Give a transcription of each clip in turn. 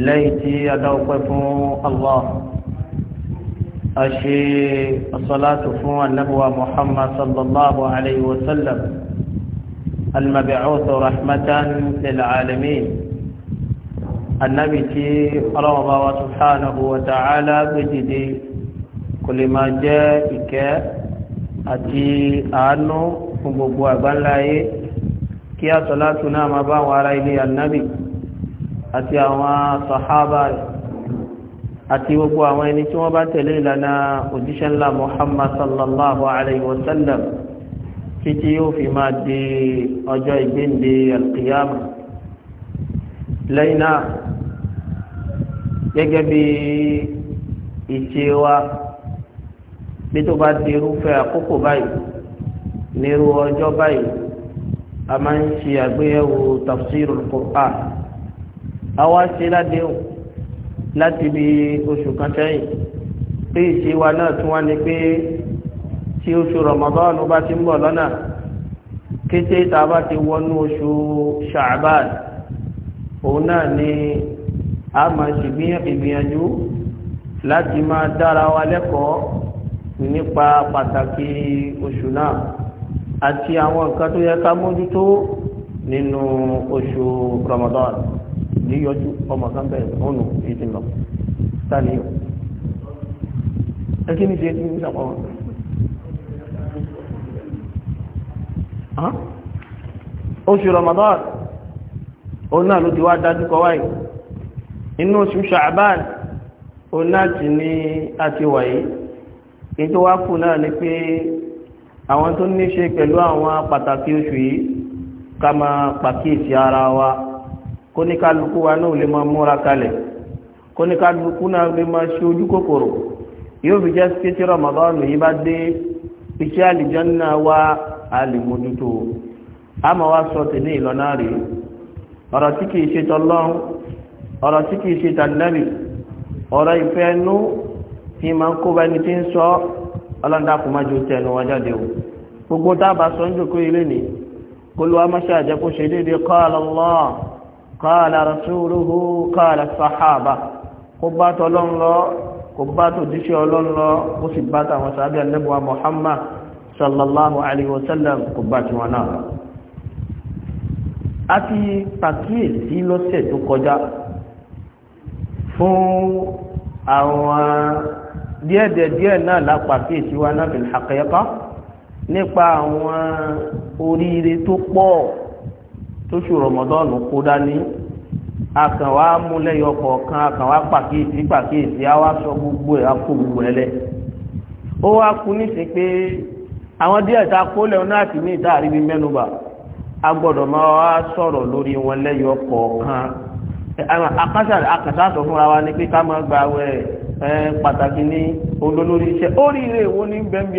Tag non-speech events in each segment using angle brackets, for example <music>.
lẹ́yìn tí a dá ọpẹ́ fún allah a ṣe asọ́látù fún annabuwa muhammad sallallahu alaihi wasallam almabi'utu rahmatan lil'alamin annabi tí ọlọ́wọ́ba wa subhanahu wa ta'ala gbẹ̀dìde kò lè máa jẹ́ ìkẹ́ àti àánú fún gbogbo àgbáńláyé kí asọ́látù náà máa bá wọn ilé annabi àti àwọn sàhábà rẹ̀ àti gbogbo àwọn ẹni tí wọ́n bá tẹ̀lé ìlànà òjíṣẹ́ ńlá Muhammad sallallahu alayhi wa sallam títí yóò fi máa di ọjọ́ ìgbéǹde alqiyama lẹ́yìn náà gẹ́gẹ́ bí ìṣe wa bí tó bá di irúfẹ́ àkókò báyìí nírú ọjọ́ báyìí a máa ń ṣe àgbéyẹ̀wò tafsirul Qur'an àwa ṣe ládéhùn láti bí oṣù kan sẹ́yìn pé ìṣe wa náà tún wá ní pé tí oṣù Ramadan bá ti ń bọ̀ lọ́nà kété tá a bá ti wọnú oṣù Sha'ban òun náà ni a máa ṣe ìgbìyànjú láti máa dára wa lẹ́kọ̀ọ́ nípa pàtàkì oṣù náà àti àwọn nǹkan tó yẹ ká mójútó nínú oṣù Ramadan yíyọjú ọmọ kan bẹ̀rẹ̀ ọ̀nà èdè lọ sáníyàn ẹkí ní ṣe ní ìṣàpọ̀ oṣù Ramadan òun náà ló ti wá dájú kọ wáyé inú oṣù Sha'ban òun náà ti ní àti wáyé ètò wá kù náà ni pé àwọn tó ní ṣe pẹ̀lú àwọn pàtàkì oṣù yìí ká máa pàkíyèsí ara wa kóníkálukú wa náà lè máa múra kalẹ̀ kóníkálukú náà lè máa ṣe ojú kòkòrò yóò fi jẹ́ sikẹ́tì Ramadan yìí bá dé iṣẹ́ àlìjọ́nà wa àlìmójútó a máa wá sọ tèmi ìlọ́nà rè ọ̀rọ̀ tí kìí ṣe tọ́lọ́run ọ̀rọ̀ tí kìí ṣe tànàbì ọ̀rọ̀ ìfẹ́ nú tí máa ń kó ẹni tí ń sọ ọlọ́dàkùnmájú tẹnu wa jáde o gbogbo tá a bá sọ ń jòkó ilé ni kó ló wá máṣe àjẹkó ṣe déédéé qala Allah qala rasuluhu qala sahaba kó bá tọ́lọ́n lọ kó bá tó jíṣẹ́ ọlọ́n lọ ó sì bá tàwọn sàábí alẹ́bùwa Muhammad sallallahu alaihi wasallam kó bá tí wọn náà a ti pàkíyèsí lọ́sẹ̀ tó kọjá fún àwọn díẹ̀dẹ̀díẹ̀ náà lápàkíyèsí wa náà fil haqiqa nípa àwọn oríire tó pọ̀ tóṣù rọmọdọ́ọ̀nù kó dání akànwá múlẹ̀yọ kọ̀ọ̀kan akànwá pàkíyèsí pàkíyèsí á wá sọ gbogbo ẹ̀ á kó gbogbo ẹ̀ lẹ ó wá kú níṣe pé àwọn díẹ̀ tá a kó náà ti ní ìdáàrí bíi mẹ́nuba a gbọ́dọ̀ máa wá sọ̀rọ̀ lórí wọn lẹ́yọ kọ̀ọ̀kan fúnra wa ni pé ká máa gba awẹ pàtàkì ní olólórí iṣẹ́ ó rí ìwọ ní bẹ́ńbí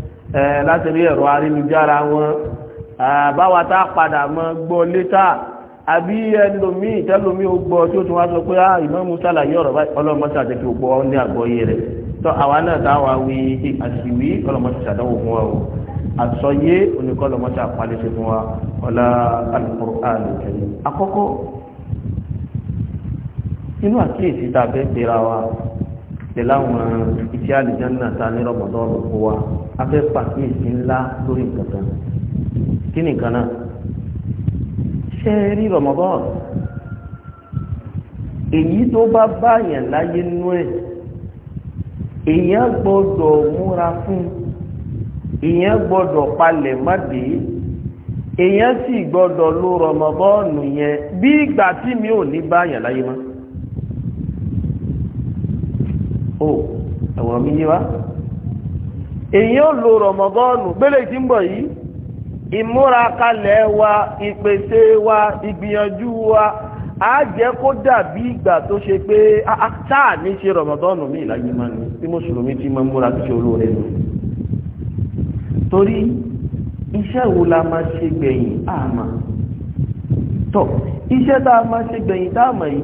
láti rí ẹ̀rọ arínijára wọn báwa tá padà mọ́ gbọ́ létà àbí ẹlòmí ìtẹ́lòmí ó gbọ́ tí ó tún wá sọ pé ìmọ̀ ah, musa làyé ọ̀rọ̀ báyìí ọlọ́mọsí àtẹ́kẹ́ ó gbọ́ ní àgbọ́yé rẹ̀ tọ́ àwa náà táwa wí àṣìwí ọlọ́mọsí ṣàdánwò fún wa o àsọyé oníkọ́lọ́mọsí àpálẹ́sẹ̀ fún wa ọlá Al-Qur'an Karim àkọ́kọ́ inú àkíyèsí tàbẹ́ pera wa pẹ̀lú àwọn iṣẹ́ àlùjànnà ta ní rọ̀mọ̀dọ́ọ̀lù fún wa a fẹ́ pàkíyèsí ńlá lórí nǹkan kan kí ni nǹkan náà ṣé ẹ rí rọ̀mọ̀dọ́ọ̀lù èyí tó bá báyàn láyé nú ẹ̀ èèyàn gbọ́dọ̀ múra fún èèyàn gbọ́dọ̀ palẹ̀ má dé èèyàn sì gbọ́dọ̀ lo rọ̀mọ̀dọ́ọ̀lù yẹn bí ìgbà tí mi ò ní báyàn láyé mọ́. o ẹ̀wọ̀n mi yé wa èyàn lo rọmọgọ́ọ̀nù gbélé tí yìí ìmúra kalẹ̀ wa ìpèsè wa ìgbìyànjú wa a jẹ́ kó dàbí ìgbà tó ṣe pé táà ní ṣe rọmọdọ́nù mi ìlàjì máa ní mùsùlùmí ti máa múra tó ṣe olóore nù torí iṣẹ́ wo la ṣe gbẹ̀yìn àmà tọ́ iṣẹ́ tá a ṣe gbẹ̀yìn táàmà yìí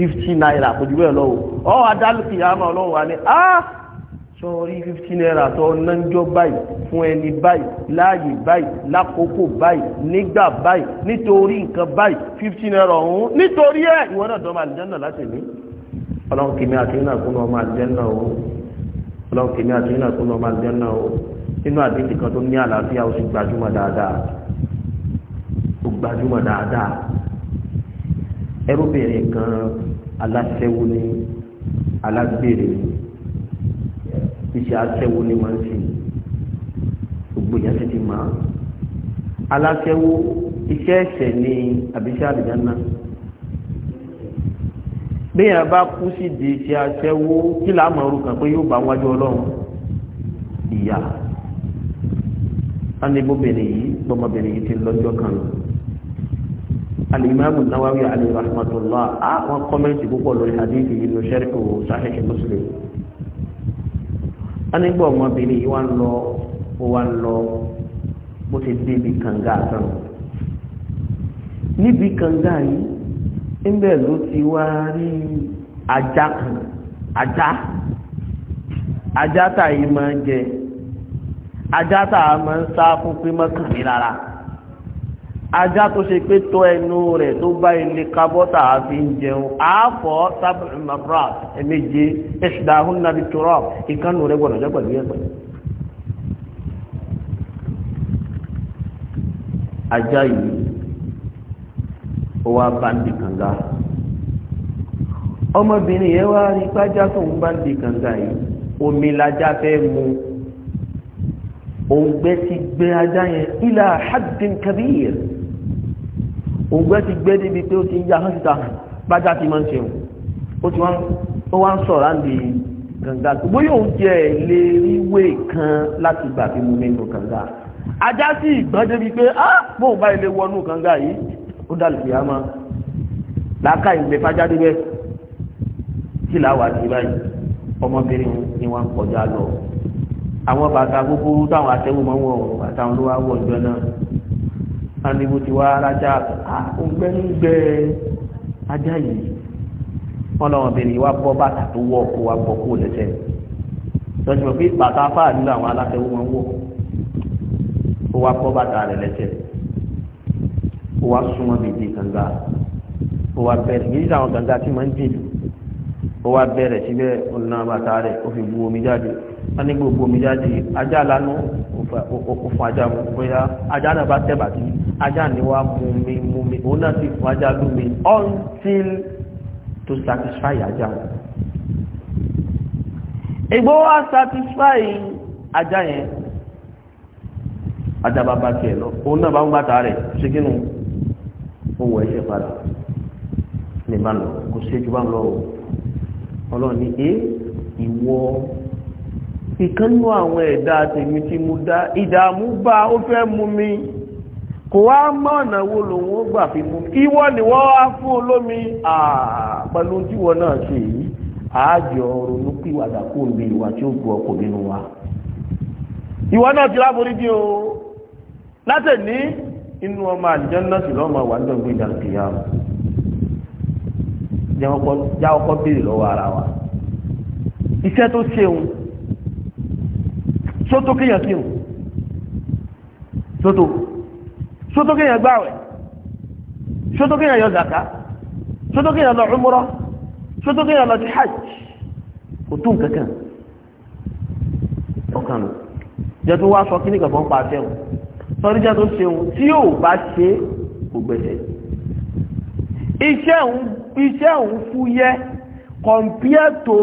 fifty naira kò jù bẹ́ẹ̀ lọ o ọ adálùkì àmà ọlọ́run wa ni a ah, sọrí fifty naira tó nájọ́ báyìí fún ẹni báyìí láàyè báyìí lákòókò báyìí nígbà báyìí nítorí nǹkan báyìí fifty naira ọ̀hún nítorí ẹ̀ ìwọ náà dọ́mọ àlùjànnà láti ní ọlọ́run kìíní àti iná kún ọmọ àlùjànnà o ọlọ́run kìíní àti iná kún ọmọ àlùjànnà o nínú àdéhùn kan tó ní àlàáfíà ó sì gbajúmọ̀ dáadáa ó gbajúmọ̀ dáadáa ẹrúbìnrin kan aláṣẹ́wó ni alágbèrè ni iṣẹ́ aṣẹ́wó ni wọ́n ń ṣe gbogbo ìyá sí ti máa aláṣẹ́wó iṣẹ́ ẹ̀ṣẹ̀ ni àbíṣẹ́ àdìjánná béèyàn bá kú sí di iṣẹ́ aṣẹ́wó kí làá mọ̀ orúkàn pé yóò bá wájú ọlọ́run ìyá wọn ni bóbìnrin yìí bọ́mọbìnrin yìí ti lọ́jọ́ kan lọ alimami nawawi alayhi rahmatullah a ah, wọn kọ́mẹ́ntì púpọ̀ lórí hadithi yìí ló ṣẹ́rí kò sáhẹ́hẹ́ muslim a nígbà ọmọbìnrin yìí wọ́n lọ wọ́n lọ bó ti débi kànga kan níbi kànga yìí níbẹ̀ ló ti wá rí ajá kan ajá ajá tá yìí máa ń jẹ ajá tá a máa ń sá fún pé mọ́kànlélárà ajá tó ṣe pé tó ẹnu rẹ̀ tó bá ilé kábọ́tà àfi ń jẹun àáfọ́ sábà mabra ẹ̀mẹ́jẹ ẹ̀ṣùdáhùn nàbí tọrọ ìkànnù rẹ̀ gbọ́dọ̀ jẹ́ pẹ̀lú ẹ̀pẹ̀. ajá yìí ó wá bá kànga ọmọbìnrin yẹn wá rí pájá tó ń bá kànga yìí omi lajá fẹ́ mu òun gbé ti gbé ajá yẹn ilà haddin kabir ògbẹ́ ti gbé débi pé ó ti ń ya hásítà gbájá ti máa ń ṣeun ó ti wá ń sọ̀rọ̀ láǹdì kànga bóyá òun jẹ́ lè rí wé kan láti gbà pé mo nínú kànga ajá sí ìgbọ́n débi pé á bóun bá ilé wọnú kànga yìí ó dà lùfẹ́ àmọ́ làákà ìgbẹ́ fájá débẹ̀ sí làwọn àti báyìí ọmọbìnrin ni wọ́n ń kọjá lọ àwọn bàtà gbogbo táwọn àtẹ́wò mọ́ wọn àtàwọn ló wá wọ̀ ìjọ náà àníwò ti wá rájá ọgbẹ́nugbẹ́ ajá yìí wọ́n lọ́wọ́n bèrè wá bọ́ bàtà tó wọ́ kó wá bọ́ kó lẹ́sẹ̀ lọ́sùn mọ̀ pé bàtà fáàlú làwọn aláṣẹwó wọn wọ̀ kó wá bọ́ bàtà rẹ̀ lẹ́sẹ̀ kó wá súnmọ́ bèbè kànga kó wá bẹ̀rẹ̀ yìí sàwọn kànga tí máa ń jìn jù kó wá bẹ̀rẹ̀ síbẹ̀ ọ̀nà bàtà rẹ̀ ó fi bu omi jáde wọ́n ní gbogbo omi jáde ajá lanu ó fún ajá mu bóyá ajá náà bá tẹ̀ bàtí ajá ni wá mú mi mú òun náà ti fún ajá lú until to satisfy ajá ìgbó wá satisfy ajá yẹn ajá bá bá tiẹ̀ lọ òun náà bá ń bàtà rẹ̀ ṣé kí nu owó ẹ̀ padà ní bá lọ kò ṣe jù bá lọ o ọlọ́run ní e ìwọ ìkànnú àwọn ẹ̀dá tèmi tí mo dá ìdààmú bá ó fẹ́ mú mi. kò wá mọ́ ọ̀nà wo lòun ó gbà fi mú ìwọ ni wọ́n wá fún olómi pẹ̀lú náà ṣe yìí àájọ ronú pìwàdà kó lè ìwà tí ó gbọ́ ọkọ̀ nínú wa ìwọ náà ti láborí bí o látẹ̀ní inú ọmọ àlùjánnà sì lọ́mọ wà nídọ̀gbé ìdàgbéyà wa iṣẹ́ tó ṣeun sótó sótó kéèyàn gbààwẹ̀ sótó kéèyàn yọ zaka sótó kéèyàn lọ umrah sótó kéèyàn lọ sí hajj kò tún kankan ọkàn lò jẹ́ tó wá sọ kí ní kankan pa àṣẹ wọn sọrí jẹ́ tó ṣeun tí yóò bá ṣe kò gbẹ̀ṣẹ̀ iṣẹ́ òun fúyẹ́ kọ̀m̀píẹ́tò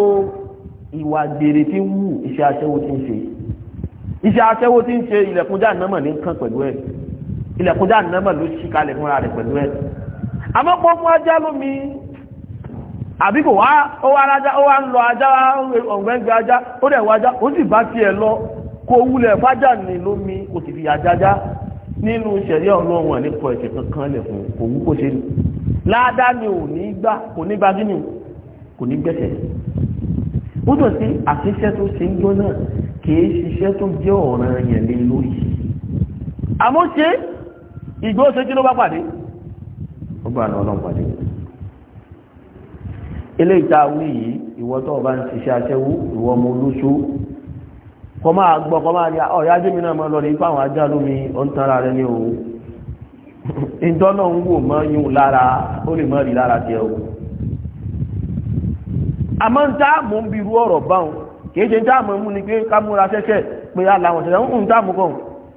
ìwà gbèrè tí wù iṣẹ́ aṣẹ́wó tí ń ṣe iṣẹ́ aṣẹ́wó tí ń ṣe ilẹ̀kùn náà mọ̀ ní nǹkan pẹ̀lú ẹ̀ ilẹ̀kùn já nàmà ló ṣí kalẹ̀ fúnra rẹ̀ pẹ̀lú ẹ̀ àmọ́ pọ́ fún ajá lómi àbí kò wá ó wá ajá ó wá ń lọ ajá ọ̀gbẹ́ngbẹ́ ajá ó dẹ̀ wá ajá ó sì bá tiẹ̀ lọ kó wúlẹ̀ fájà ní lómi kò sì fi àjájá nínú ìṣẹ̀lẹ̀ ọlọ́run ẹ̀ nípa kankan lẹ̀ fún òwú kó ṣe ní ni ò ní gbà kò ní gbà gínú kò ní gbẹ̀ṣẹ̀ ó tọ̀ sí àṣiṣẹ́ tó ṣe ń jọ náà kì í ṣiṣẹ́ tó jẹ́ ọ̀ràn yẹn lórí àmọ́ ṣe ìgbó ṣe kí ló bá pàdé ó bá lọ náà pàdé ilé ìta awé yìí ìwọ tó o bá ń ṣiṣẹ́ aṣẹ́wó ìwọ ọmọ olóṣó kọ máa gbọ́ kọ máa ní ah, ọ̀yá jẹ́mi náà máa lọ rí fáwọn ajá lómi ọ̀ntara rẹ ní o <laughs> ìjọ́nà ń wò mọ́ yún lára ó lè mọ́ rí lára tiẹ̀ o àmọ́ ń tá mò ń bi irú ọ̀rọ̀ báwọn kì í ṣe ń tá mò ń mú ni pé ká múra ṣẹ́ṣẹ́ pé á làwọn ṣẹ̀ṣẹ̀ ń tá mò kàn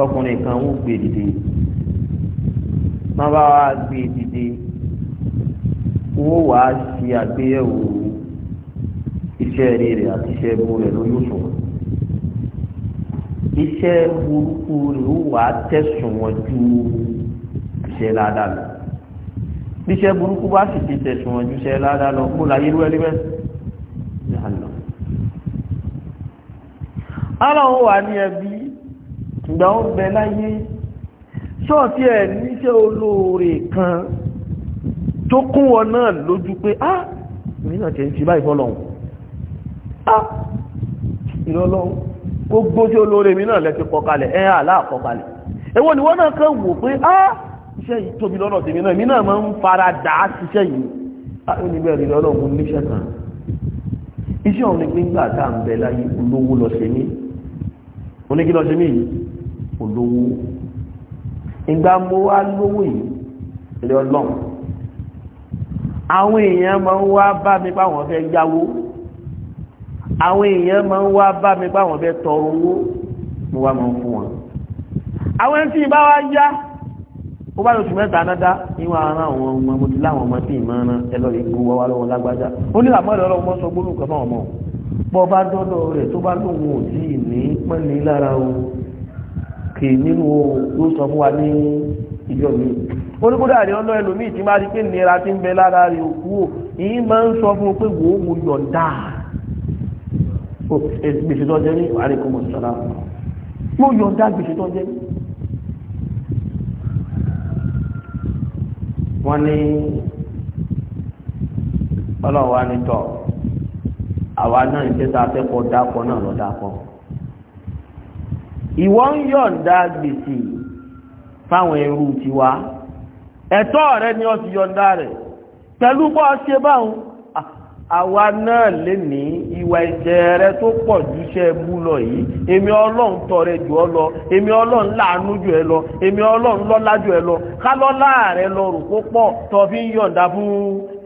ọkùnrin kan ń gbé dìde máa bá wa gbé dìde wọ́n wá ṣe àgbéyẹ̀wò iṣẹ́ rere àti iṣẹ́ ẹbú rẹ̀ lórí òṣùwọ̀n iṣẹ́ burúkú rẹ̀ ó wà á tẹ̀sùn wọn ju iṣẹ́ ládàá lọ bí iṣẹ́ burúkú bá sì ti tẹ̀sùn wọn ju iṣẹ́ ládàá lọ kó láyé rú ẹni bẹ́ẹ̀ lánàá. aláwọ̀ wà ní ẹbí ìgbà ó bẹ láyé ṣọ́ọ̀tí ẹ̀ níṣẹ́ olóore kan tó kún wọn náà lójú pé á nínú àti ẹ̀yìn ti báyìí fọ́lọ́hun á ìrọlọ́hun gbogbo tí olóore mi náà lẹ́ ti kọkalẹ̀ ẹ̀ àláà kọkalẹ̀ èwo ni wọ́n náà kàn wò pé á iṣẹ́ yìí tóbi lọ́nà tèmi náà mi náà máa ń fara yìí olówó ìgbà mo wá lówó yìí ilé ọlọ́run àwọn èèyàn máa ń wá bá mi báwọn fẹ́ yáwó àwọn èèyàn máa ń wá bá mi báwọn fẹ́ tọrọ owó mo wá máa ń fún wọn àwọn ẹni tí ìbá wá yá ó bá lóṣù mẹ́ta náà níwọ̀n ara àwọn ọmọ mo ti láwọn ọmọ tí ìmọ̀ ẹran ẹ lọ́ọ́ lè gbowó wá lọ́wọ́ lágbájá ó ní àmọ́lẹ̀ ọlọ́run mọ́ sọ gbólóhùn kan fáwọn ọmọ bọ́ bá dọ́dọ̀ rẹ̀ tó bá lóun ò tí ì ní pẹ́ẹ́lí lára o kì nínú ló sọ fún wa ní ìjọ mi oníkúdà ni ọlọ́ ẹlòmíì ti máa di pé nira ti ń bẹ lára rẹ̀ òkú ò yìí máa ń sọ fún un pé wò ó mo yọ̀ǹda gbèsè tó jẹ́ ní àríkùn mọ̀sálà mo yọ̀ǹda gbèsè tó jẹ́ wọ́n ní ọlọ́wà ní tọ́ àwa náà ń tẹ́ta akẹ́kọ̀ọ́ dákọ̀ náà lọ dákọ̀ọ́ ìwọ ń yọ̀ǹda gbèsè fáwọn ẹrú tiwa ẹ̀tọ́ rẹ ni ó ti yọ̀ǹda rẹ̀ pẹ̀lú bọ́ ṣe báwọn àwa náà lè ní ìwà ẹ̀jẹ̀ rẹ tó pọ̀ ju iṣẹ́ mú lọ yìí èmi ọlọ́run tọrẹ jù ọ lọ èmi ọlọ́run láàánú jù ẹ lọ èmi ọlọ́run lọ́lá jù ẹ lọ kálọ́lá rẹ lọ rò kó pọ̀ tó fi ń yọ̀ǹda fún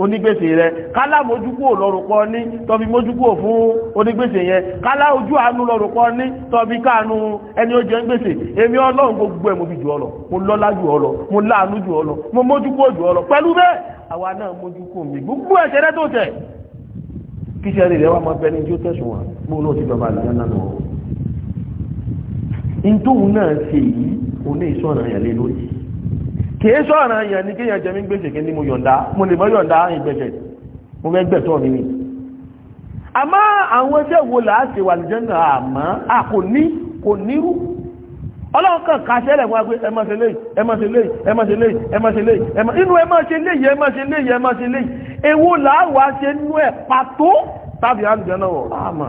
onígbèsè rẹ kálá mójúkúò lọ́rùkọ ní tó fi mójúkúò fún onígbèsè yẹn kálá ojú àánú lọ́rùkọ ní tó fi káàánú ẹni ó jẹ gbèsè èmi ọlọ́run gbogbo ẹ̀ mo fi jù ọ lọ mo lọ́lá jù ọ lọ kíṣẹ́ rẹ̀ wà máa bẹni tí ó tẹ̀sùn wà bó ló ti bàbá àlùjá náà lọ. ntòun náà ṣe yìí oní ìṣọ́ra yẹn lé lórí kìí ṣọ́ra yẹn ni kéèyàn jẹ mí gbèsè kí ni mo yọ̀ǹda mo lè mọ́ yọ̀ǹda ìgbẹ̀jẹ̀ mo fẹ́ gbẹ̀tọ́ mi ni. àmọ́ àwọn ẹgbẹ́ wo làá wà àlùjá àmọ́ à kò ní kò nírú ọlọ́run kan kà sẹ́lẹ̀ fún wa pé ẹ má ṣe léyìí ẹ má ṣe léyìí ẹ má ṣe léyìí ẹ má ṣe léyìí inú ẹ má ṣe léyìí ẹ má ṣe léyìí ẹ má ṣe léyìí èwo làáwà ṣe nú ẹ̀ pàtó tàbí àlùjẹ́ náà wọ̀ láàmà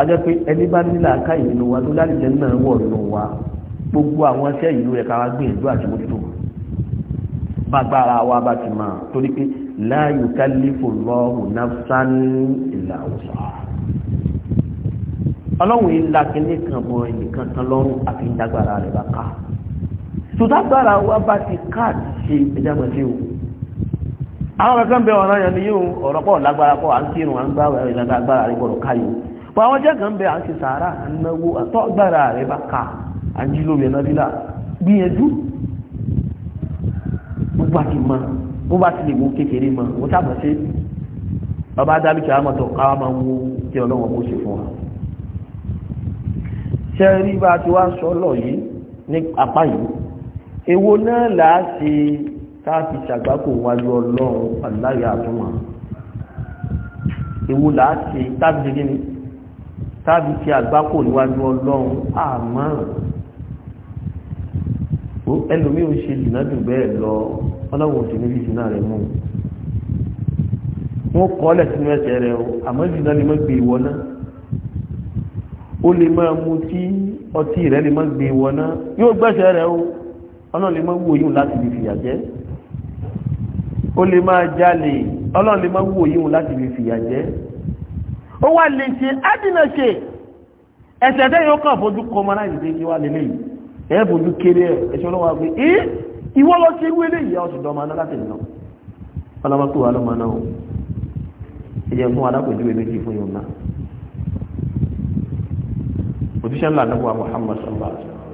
a jẹ́ pé ẹni bá nílà ká ìlú wa tó lálùjẹ́ náà wọ̀ nù wa gbogbo àwọn iṣẹ́ ìlú ẹ̀ kára gbé ìlú àti mójútó bàgbára wa bá nafsan illa wus'aha ọlọ́run yìí la kíní kan mọ ẹnìkan tán lọ́rùn àfi dágbára rẹ̀ bá ká tùdágbára wa bá ti káàdì ṣe ẹjàmọ̀ sí o àwọn kankan bẹ ọ̀rọ̀ yẹn ni yóò ọ̀rọ̀ pọ̀ lágbára pọ̀ à ń kírun à ń gbá ẹ̀rọ ìlànà agbára rẹ̀ gbọ́dọ̀ káyò pọ̀ àwọn jẹ́ kan bẹ à ń ṣe sàárà náwó àtọ́gbára rẹ̀ bá ká à ń jí lómi ẹ̀nà bílà gbìyànjú gbogbo àti mọ bó bá ti lè wo kékeré mọ wọ́n sábà ṣe bàbá dábìkì àwọn káwá máa ń wo kí ọlọ́wọ́ bó ṣe fún wa ṣe rí bá ti wá sọ lọ yìí ní apá yìí èwo náà là á ṣe ká fi ṣàgbákò wájú ọlọ́run aláyà àtúnwà èwo là á ṣe tábìlì gíní tábìlì ṣe àgbákò níwájú ọlọ́run àmọ́ ẹlòmíì ò ṣe jìnnàjù bẹ́ẹ̀ lọ ọlọ́run ò sì níbi ìṣúná rẹ̀ mú un wọ́n kọ́ ọ́ lẹ̀ sínú ẹsẹ̀ rẹ̀ o àmọ́ jìnnà ni gbé ìwọ náà ó lè máa mú tí ọtí rẹ̀ lè máa gbé wọná yóò gbẹ́sẹ̀ rẹ̀ o ọlọ́run lè máa wò yíò láti lè fìyà jẹ́ ó lè máa jalè ọlọ́run lè máa wò yíò láti lè fìyà jẹ́ ó wá lè ṣe ádìnà ṣe ẹ̀sẹ̀ tẹ́ yóò kàn fojú kọ ọmọ láì dé kí wá lélẹ̀ yìí ẹ̀ fojú kéré ẹ̀ṣọ́ lọ́wọ́ àgbẹ̀ ẹ́ ìwọ́ lọ sí ewé léyìí ọ̀sùn dọ́mọ aná láti nìyàn ọlọ́mọ tó wà lọ́mọ náà ẹ̀jẹ̀ fún alákòjú méjì fún yòó náà òjíṣẹ́ ńlá nígbà Muhammad sallallahu alaihi wasallam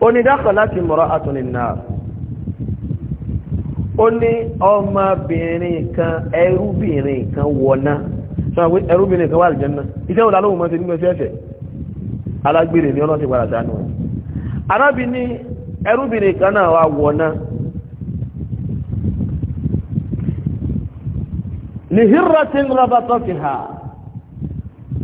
ó ní dákọ̀ láti mọ̀rọ̀ àtúnlẹ̀ náà ó ní ọmọbìnrin kan ẹrúbìnrin kan wọ̀ná sọ pé ẹrúbìnrin kan wà àlùjànnà iṣẹ́ òdà lóhùn mọ́tí nígbà ẹ̀fẹ́ alágbèrè ní ọlọ́sẹ̀ padà dánú arábìnrin ẹrúbìnrin kan náà wà wọ̀ná lihirratin rabatokiha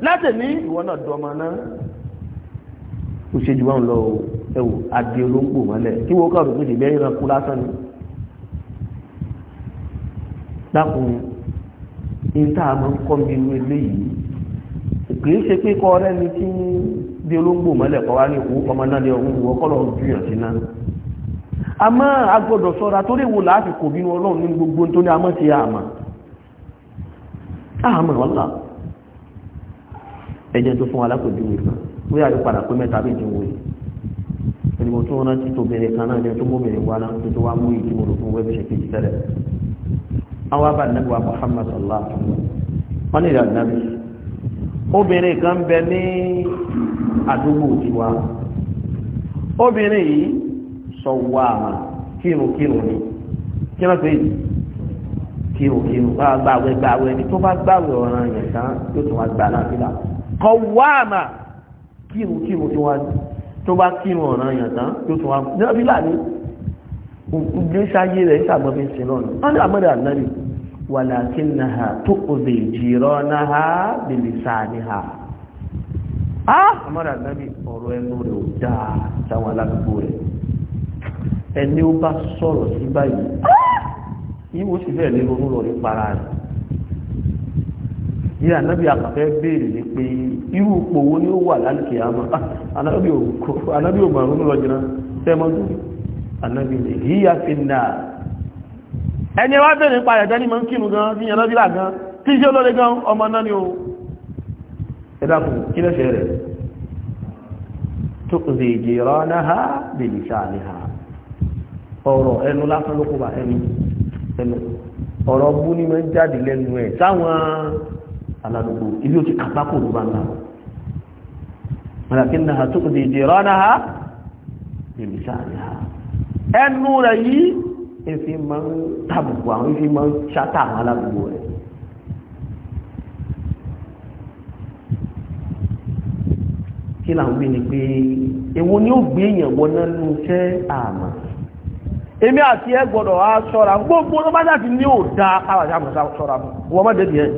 láti ní ìwọ náà dọmọ náà ó ṣe jù wọn lọ ẹwò adé olóńgbò mọ́lẹ̀ kí wọ́n kàrò pé ìbẹ́ ìran kú lásán ni dákun ní tá a máa ń kọ́ bí irú eléyìí kì í ṣe pé kọ́ ọ̀rẹ́ mi tí ń dé olóńgbò mọ́lẹ̀ kọ́ wá ní ìwọ ọmọ náà ní ọ̀hún ìwọ kọ́ lọ́ọ́ jùyàn sí náà àmọ́ a gbọ́dọ̀ sọ́ra torí wo láàfikò bínú ọlọ́run ní gbogbo tó ní amọ́ ti àmà àmà wọ́n ẹjẹ́ tó fún padà pé ti wòye wọn tóbìnrin kan náà ní wa náà tó tó wá mú ìdí fún wẹ́ẹ̀bù ṣe kejì tẹ́lẹ̀ àwọn abá nàbíwá Muhammad sallallahu wọn ní nàbí obìnrin kan bẹ ní àdúgbò tiwa obìnrin yìí sọ ni kí pè é kọ̀wáàmà kírun kírun tí wọ́n tó bá kírun ọ̀ràn yàn tán tó tún wá ní ọ́fíìlà ní gbéṣáyé rẹ̀ ṣàgbọ́fin sí náà wọ́n ní àmọ́dà náà wàlákínàhà tó òdè jìrọ́náhà bìlìsáníhà á àmọ́dà náà ọ̀rọ̀ ẹnu rẹ̀ ò dáa táwọn alágbègbè rẹ̀ ẹni ó bá sọ̀rọ̀ sí báyìí yíwo sì bẹ́ẹ̀ lérò ń lọ rí para rẹ̀ yíyá anábì àkàfẹ́ béèrè ní pé irú ipò wo ni ó wà lálùkì àmọ́ anábì ah, ò màrún lọ jìnnà tẹ́mọ́ anábì lè ya fi nà ẹni wá bèèrè nípa ẹ̀dẹ́ ní mọ́ gan ní anábì là gan tí iṣẹ́ olóore gan ọmọ náà ni o ẹ̀dàkùn kí lẹ́sẹ̀ rẹ̀ tó kùnzè ìjìrọ̀ náà ha bèèrè sáà ha ọ̀rọ̀ ẹnu lásán ló kó bá ẹnu ọ̀rọ̀ bú ni mọ́ jáde lẹ́nu ẹ̀ aládùúgbò ilé ó ti kàpákò ló bá ń náà mọ̀lákínà tó kò dìde rọ́nà ha èmi sáàrí ha ẹnu rẹ̀ yìí èfi máa ń tàbùkù àwọn èfi máa ń ṣátà àwọn aládùúgbò rẹ̀ kí là ń gbé ni pé èwo ni ó gbé èèyàn wọná nínú iṣẹ́ àmà èmi àti ẹ gbọ́dọ̀ wá ṣọ́ra gbogbo tó bá jáde ní ò dáa káwàjá mọ̀ ṣọ́ra wọ́n má débi ẹ̀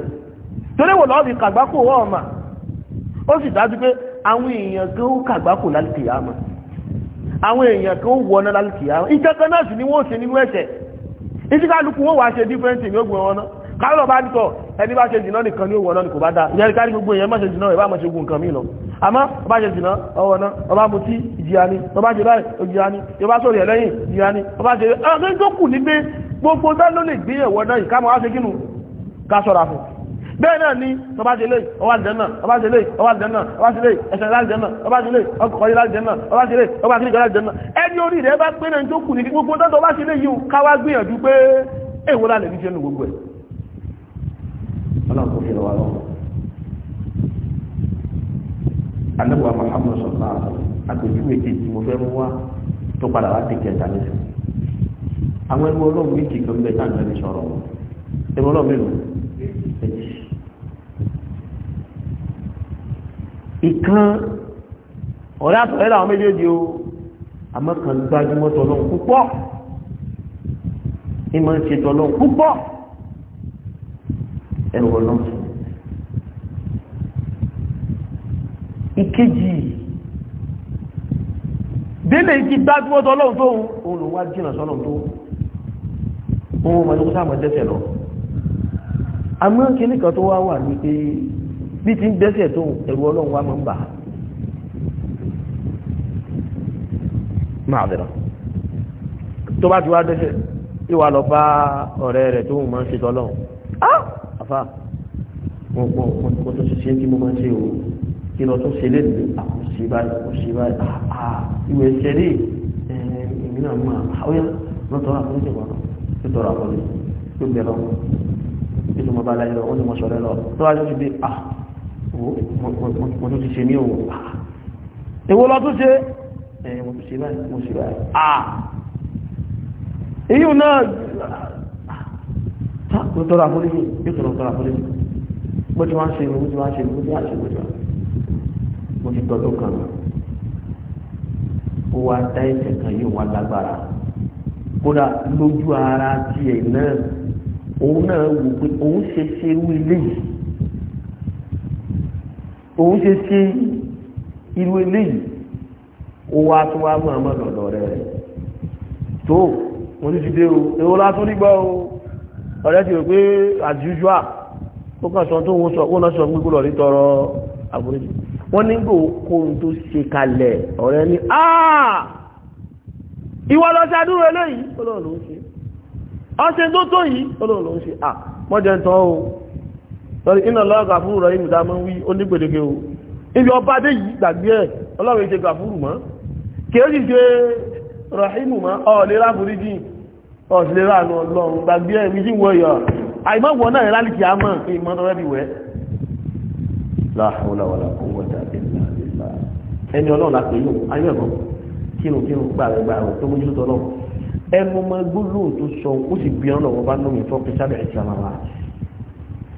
torí wò lọ́ọ́ fi kàgbákò wọ́ ọ̀mà ó sì dájú pé àwọn èèyàn kan ó kàgbákò lálùkìyàmà àwọn èèyàn kan ó wọná lálùkìyàmà ìkẹ́kẹ́ ni wọ́n ṣe nínú ẹ̀ṣẹ̀ ìdí kálukú wọ́n wàá ṣe dífẹ́ǹtì ní ogun ọ̀nà kálọ̀ bá nítọ̀ ẹni bá ṣe jìnà nìkan ní owó ọ̀nà kò bá dáa ìyẹn kárí gbogbo èèyàn má ṣe jìnà ẹ̀ bá má ṣe gun nǹkan mí lọ àmọ́ ọba ṣe jìnà ọwọ́ ọ̀nà ọba mutí ìjìyà ni ló lè gbé ẹ̀wọ̀ náà ìkámọ́ wá ṣe kínú ká bẹ́ẹ̀ náà ni ọba ṣẹlẹ̀ ọba jẹ́nà ọba ṣẹlẹ̀ ọba jẹ́nà ọba ṣẹlẹ̀ ẹ̀ṣẹ̀ láti jẹ́nà ọba ṣẹlẹ̀ ọkọ̀ láti jẹ́nà ọba ṣẹlẹ̀ ọba kíríkà láti jẹ́nà ẹni orí rẹ̀ bá gbé náà tó kù ní gbogbo tọ́tọ̀ ọba ṣẹlẹ̀ yìí káwá gbìyànjú pé èwo la lè fi ṣe nu gbogbo ẹ̀ ọlọ́run kò fi lọ́wọ́ lọ́wọ́ anabuwa Muhammad sọ̀tà àgbèjú méjèèjì mo fẹ́ mú wá tó padà wá tẹ̀kẹ̀ lẹ́sẹ̀ àwọn ẹgbẹ́ ọlọ́run méjì kan bẹ̀ táwọn ẹni sọ̀rọ̀ ẹgbẹ́ ọlọ́run mélòó ìkan ọ̀rẹ́ àtọ̀rẹ́ làwọn méjèèjì o àmọ́ kan gbajúmọ̀ tọlọ́hun púpọ̀ ní máa ń ṣe tọlọ́hun púpọ̀ ẹ̀rọ ọlọ́run ìkejì délé ti gbajúmọ̀ tọlọ́hun tó òun lòun wá jìnnà sọ́nà tó òun mọ̀ ní kó sáà mọ̀ dẹ́sẹ̀ lọ àmọ́ kíní kan tó wá wà ní pé bí ti ń dẹ́sẹ̀ tó ẹ̀rù ọlọ́run wa máa ń bà á máa bẹ̀rẹ̀ tó bá ti wá dẹ́sẹ̀ ìwà lọ bá ọ̀rẹ́ rẹ̀ tó ń máa ń ṣe tọ́lọ́run àfà wọn pọ̀ wọn tó ṣe kí mo máa ń ṣe o kí lọ tó ṣe léde àkùsí báyìí àkùsí báyìí ìwé ìṣẹ̀lẹ̀ ìmìnà máa àwòyá lọ́tọ̀ àkọ́lẹ́sẹ̀ wà nítorọ̀ àkọ́lẹ́ yóò bẹ̀rẹ̀ wọn nítorí mo bá láyé lọ wọn ni mo sọ̀rọ̀ lọ tó wá lóṣù bí ah mo tún ti ṣe ní òun èwo lọ tún ṣe ẹ̀ mo tún ṣe báyìí mo ṣe báyìí ah èyí náà mo tọrọ àforíjì yóò tọrọ tọrọ àforíjì mo ti wá ń ṣe mo ti wá ń ṣe mo ti wá ṣe mo ti wá ń ṣe mo kan ó wá dá ẹ̀sẹ̀ kan yóò wá lágbára kódà lójú ara tiẹ̀ náà òun náà wò pé òun ṣe ṣerú ilé yìí òun ṣe ṣe irú eléyìí ó wá tó wá mú àmọ́ lọ́dọ̀ rẹ̀ tó mo ti ti dé o èwo látún nígbà o ọ̀rẹ́ ti rò pé as usual ó kàn sọ tó ń sọ ó náà sọ pé kó lọ rí tọrọ àforíjì wọ́n nígbò kóhun tó ṣe kalẹ̀ ọ̀rẹ́ ní ìwọ lọ sí adúrú eléyìí ọlọ́run ló ń ṣe ọ̀sẹ̀ tó tó yìí ọlọ́run ló ń ṣe à ah, mọ́jẹ̀ ń tọ́ o sọ́rí iná lọ́wọ́ gàfúrù rẹ̀ ìmìta mọ́ wí ó ní gbèdéke o ibi ọba dé yìí gbàgbé ẹ̀ ọlọ́run ìṣe gàfúrù mọ́ kéèjì ṣe rahimu mọ́ ọ̀lera foríjì ọ̀sìlera àánú ọlọ́run gbàgbé ẹ̀ mi sí wọ ìyọ̀ àìmọ́ wọ náà rálì kìá mọ̀ ìmọ̀ tó rẹ́bì wẹ́ ẹni ọlọ́run la pè yóò ayé ẹ̀kọ́ kírun kírun gbàrẹ̀ gbàrẹ̀ tó mójútó ọlọ́run ẹnu ọmọ gbólóhùn tó sọ ó sì bí ọlọ́run bá lóyún tó pèsè àbẹ̀rẹ̀ sí àwọn àwọn àti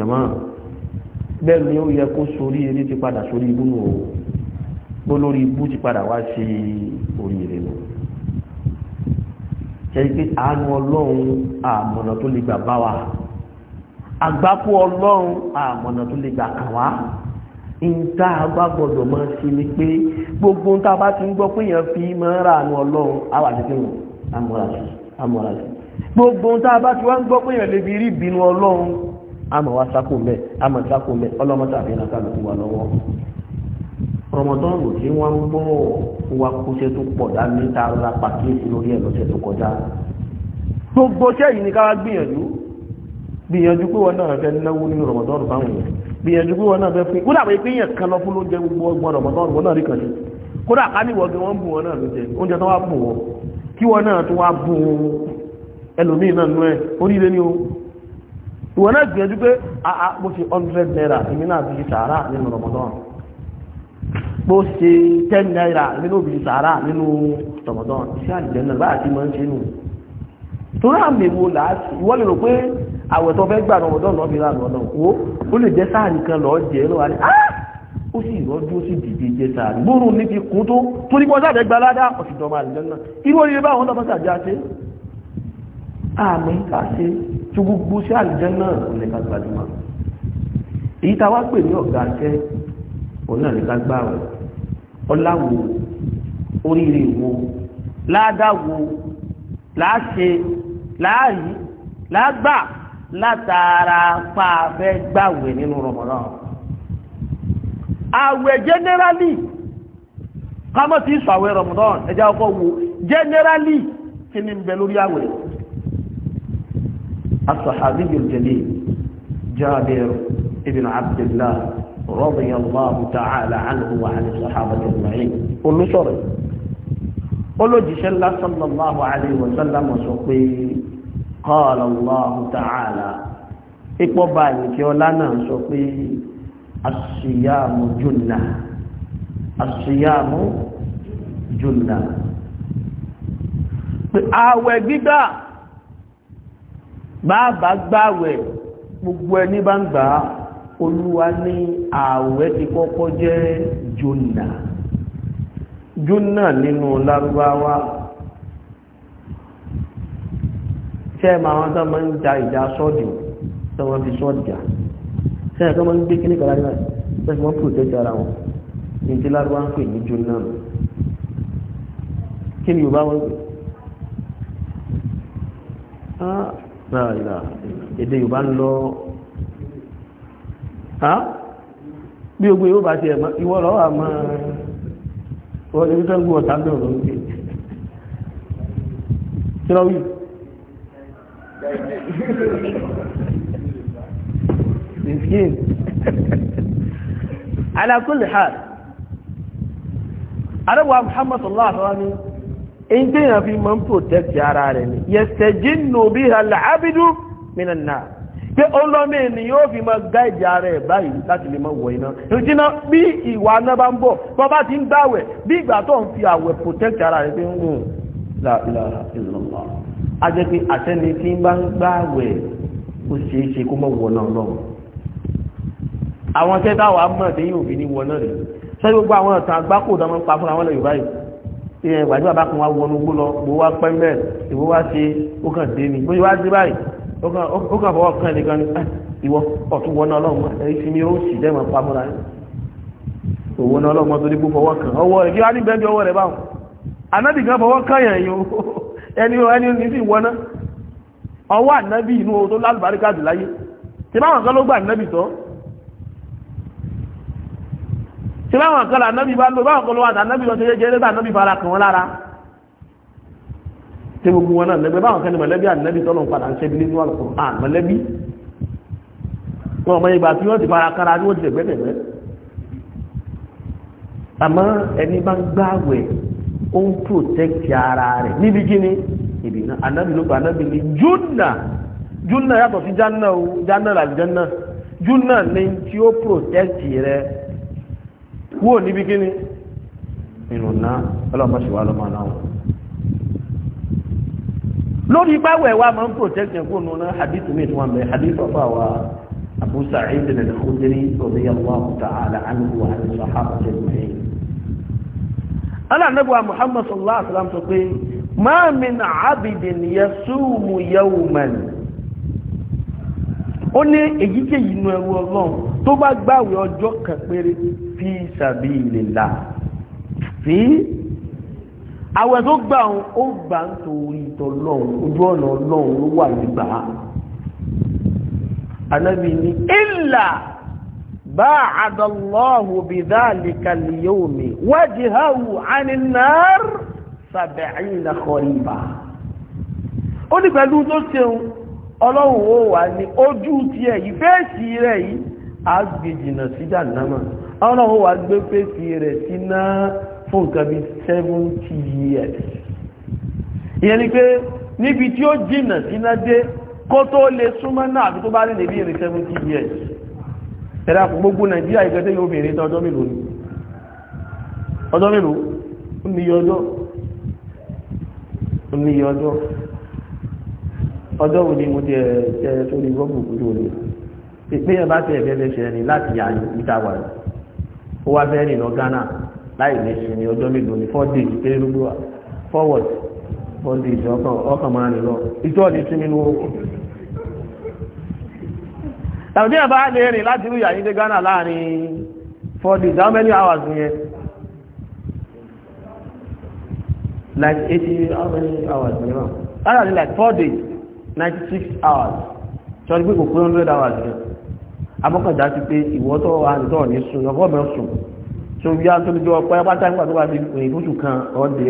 jẹ̀mọ́ bẹ́ẹ̀ ni ó yẹ kó sórí eré ti padà sórí ibú nù o bó lórí ibú ti padà wá sí orí èrè nù ṣẹ́yìn pé àánú ọlọ́run àmọ̀nà tó lè gbà bá wa àgbákò ọlọ́run àmọ̀nà tó lè gbà kàn wá ìta àgbà gbọdọ̀ máa ṣe ni pé gbogbo nta bá ti ń gbọ́ pé èèyàn fi máa ra àánú ọlọ́run àwọn àti amọ̀ràṣì amọ̀ràṣì gbogbo nta bá ti wá ń gbọ́ pé èèyàn lè fi rí ìbínú ọlọ́run àmọ̀ wá sákò mẹ́ àmọ̀ sákò mẹ́ ọlọ́mọta àfihàn kálukú wa lọ́wọ́ rọmọdọ́nù tí wọ́n ń bọ̀ wá kóṣẹ́ tó pọ̀ dání tá a ra pàkíyèsí lórí ẹ̀ lọ́sẹ̀ tó kọjá gbogbo sẹ́yìn ni ká gbìyànjú gbìyànjú pé wọn náà fẹ́ náwó nínú rọmọdọ́nù fáwọn èèyàn gbìyànjú pé wọn náà fẹ́ fún kódà pé péyàn kan lọ fún lóúnjẹ gbogbo ọgbọ́n rọmọdọ́nù wọn náà rí kan sí kódà ká ní ìwọ̀gbìn wọn bù wọn náà lóúnjẹ oúnjẹ tó wá bù wọn kí wọn náà tó wá bù ìwọ náà gbìyànjú pé àà ah, bó ah, fi 100 naira èmi náà fi sàárà nínú Ramadan bó ṣe 10 naira èmi náà fi sàárà nínú Ramadan iṣẹ́ àjẹ́ náà báyà tí mọ́ ń ṣe nù torí àmì wo làásì ìwọ lè rò pé àwẹ̀ tó fẹ́ gbà Ramadan lọ́ọ́ fi rà lọ́dọ̀ wo ó lè jẹ́ sáà nìkan lọ́ọ́ jẹ́ lọ́wọ́ rẹ̀ áà ah! ó sì rọ́jú ó sì dìde jẹ sàárì gbóòrùn ní ti kún tó tó ní pọ́sá àjẹ́gbà aládá ọ̀sìdọ̀mà àjẹ́gbà irú oríire báwọn tọ́pọ́sá àjẹ́ àṣẹ àmì àṣẹ tí gbogbo sí àlùjànnà òun ẹ̀ka gbajúmọ̀ èyí tá a wá pè ní ọ̀gá iṣẹ́ òun náà nìkan gbà wọ̀ ọlá wo oríire wo láàdá wo láàṣe láàyí lágbà látara pa abẹ́ gbàwẹ̀ nínú Ramadan àwẹ̀ jẹ́nẹ́rálì kámọ́ ti sọ àwẹ̀ Ramadan ẹ̀já ọkọ̀ wo jẹ́nẹ́rálì kí ni ń bẹ lórí àwẹ̀ الصحابي الجليل جابر بن عبد الله رضي الله تعالى عنه وعن الصحابة أجمعين قل له سوري قل صلى الله عليه وسلم وسقي قال الله تعالى اقوى بالك يولانا سقي الصيام جنة الصيام جنة àwẹ̀ gbígbà bàbá gbàwẹ̀ gbogbo ẹni bá ń gbà á olúwa ní ààwẹ̀ ti kọ́kọ́ jẹ́ jona jona nínú lárúbáwá ṣe ma wọn tó máa ń ja ìjà sọ́ọ̀dì tó wọ́n fi sọ́ọ̀dì à ṣe ẹ̀kọ́ máa ń gbé kíní kọ́lá nígbà tó fi wọ́n protect ara wọn ní ti lárúbáwá ń pè ní jona kí ni yorùbá wọn pè ah, náà ìlà èdè Yorùbá ń lọ bí ogun yóò bá ti ẹ̀mọ́ ìwọ lọ́wọ́ àmọ́ wọ́n ní tó ń gbọ́ ọ̀tá bẹ̀rẹ̀ lọ́wọ́ pé kí lọ́wọ́ yìí miskin muhammadu allah sallallahu alaihi èyí téèyàn fi máa ń protect ara rẹ̀ ni yẹsẹ̀jì nù bí halẹ̀ abidu minan nar pé ọlọ́mọ ènìyàn ó fi máa gáìdì ara ẹ̀ báyìí láti lè máa wọ iná ìjìnà bí ìwà náà bá ń bọ̀ tó bá ti ń gbàwẹ̀ bí ìgbà tó ń fi àwẹ̀ protect ara rẹ̀ pé ń hùn la a jẹ́ pé àtẹ́ni tí ń bá ń gbàwẹ̀ ó ṣeé ṣe kó mọ̀ wọ náà lọ́wọ́ àwọn tẹ́tà wàá mọ̀ tẹ́yìn òfin ní wọ náà rẹ̀ sẹ́yìn gbogbo àwọn ọ̀tàn àgbákò tó máa ń pa fúnra wọn lẹ́yìn báyìí ìyẹn ìgbàjú bàbá kan wá wọnú gbó lọ gbó wá pẹ́ mbẹ́ ìwọ wá ṣe ó kàn dé ni bó ṣe wá dé báyìí ó kàn fọwọ́ kàn nìkan ni ah, ìwọ ọ̀tún wọnú ọlọ́run ìsinmi ó sì dẹ́mọ̀ pamọ́ra òwò náà ọlọ́run tó dé gbó fọwọ́ kàn ọwọ́ rẹ̀ kí wá ní bẹ́ẹ̀ bí ọwọ́ rẹ̀ báwọn anábì kan fọwọ́ kàn yàn yìí <laughs> ẹni ẹni ní sì wọná ọwọ́ ànábì inú tó lálùbáríkà jù láyé ṣe báwọn kan ló gbà ànábì tọ́ ṣé báwọn kan lànàbí bá lò báwọn kan lọ́wọ́ àtànàbí lọ́sẹ̀ jẹ́jẹ́ lẹ́gbà ànàbí fara kàn wọ́n lára ṣé gbogbo wọn náà lẹ́gbẹ́ báwọn kan ní mọ̀lẹ́bí ànàbí tọ́lọ̀ padà ń ṣẹ́bi nínú Al-Qur'an mọ̀lẹ́bí wọn ọmọ ìgbà tí wọ́n ti fara kára ni wọ́n ti lẹ̀gbẹ́lẹ̀gbẹ́ àmọ́ ẹni bá ń gbààwẹ̀ ó ń protect ara rẹ̀ níbi kíni ìbí náà ànàbí ló gba ànàbí ní júnà júnà yàtọ̀ sí jánà o jánà làlùjánà júnà ni tí ó protect rẹ̀ kúrò níbi kíní nínú náà ọlọ́mọṣẹ́wà lọ́mọ náà lórí báwẹ̀ wa máa ń protect ẹ̀kú nù náà hadith mi tí wọ́n bẹ̀ hadith ọ̀fà wa Abu Sa'id al-Khudri radiyallahu ta'ala anhu ó ní èyíkéyìí inú ẹrú ọlọ́run tó bá gbàwé ọjọ́ kan péré fi sabilillah fi àwẹ̀ tó gbà ń ó gbà ń torí tọlọ́run ojú ọ̀nà ọlọ́run ló wà nígbà anábì ní ìlà ba'ada Allahu bidhalika al-yawmi wajhahu 'ani an-nar sab'ina kharifa ó ní pẹ̀lú tó ṣeun ọlọ́run ó wà ní ojú ti ẹ̀ yìí fèsì rẹ̀ yìí a gbé jìnà sí ọlọ́run wà gbé fèsì rẹ̀ síná fún nǹkan bí 70 years ìyẹn ni pé níbi tí ó jìnà síná dé kó tó lè súnmọ́ náà àti tó bá rí níbi ìrìn 70 years ẹ̀rà gbogbo nàìjíríà ìgbẹ́tẹ́ yóò bèèrè ọjọ́ mélòó ni ọjọ́ mélòó ní ọjọ́ ọjọ́ wo ni mo ti ẹ̀ eh, eh, sórí gọ́ọ̀bù kúrò rẹ̀ pé ẹ bá ti ẹ̀fẹ́ fẹ́ ṣe ẹni láti yà níta nita rẹ̀ ó wá fẹ́ rìn Ghana láì lè ṣe ní ọjọ́ mélòó ní four days pé rúgbó wa forward four days ọkàn ọkàn máa rìn lọ ìtọ́ ni sí nínú owó. tàbí ẹ bá lè rìn láti rú yàyí dé Ghana láàrin four days how many hours yẹn like eighty how many hours yẹn náà láàrin like four days. ninety six hours sọ́ni pé kò pé hundred hours rẹ̀ abọ́kànjá ti pé ìwọ́tọ̀ àtìtọ́ ní sùn ọgọ́ mẹ́rin sùn tó bí a tó lè jọ ọpẹ́ pátá nígbà tó bá fi rìn fúnṣù kan ọdẹ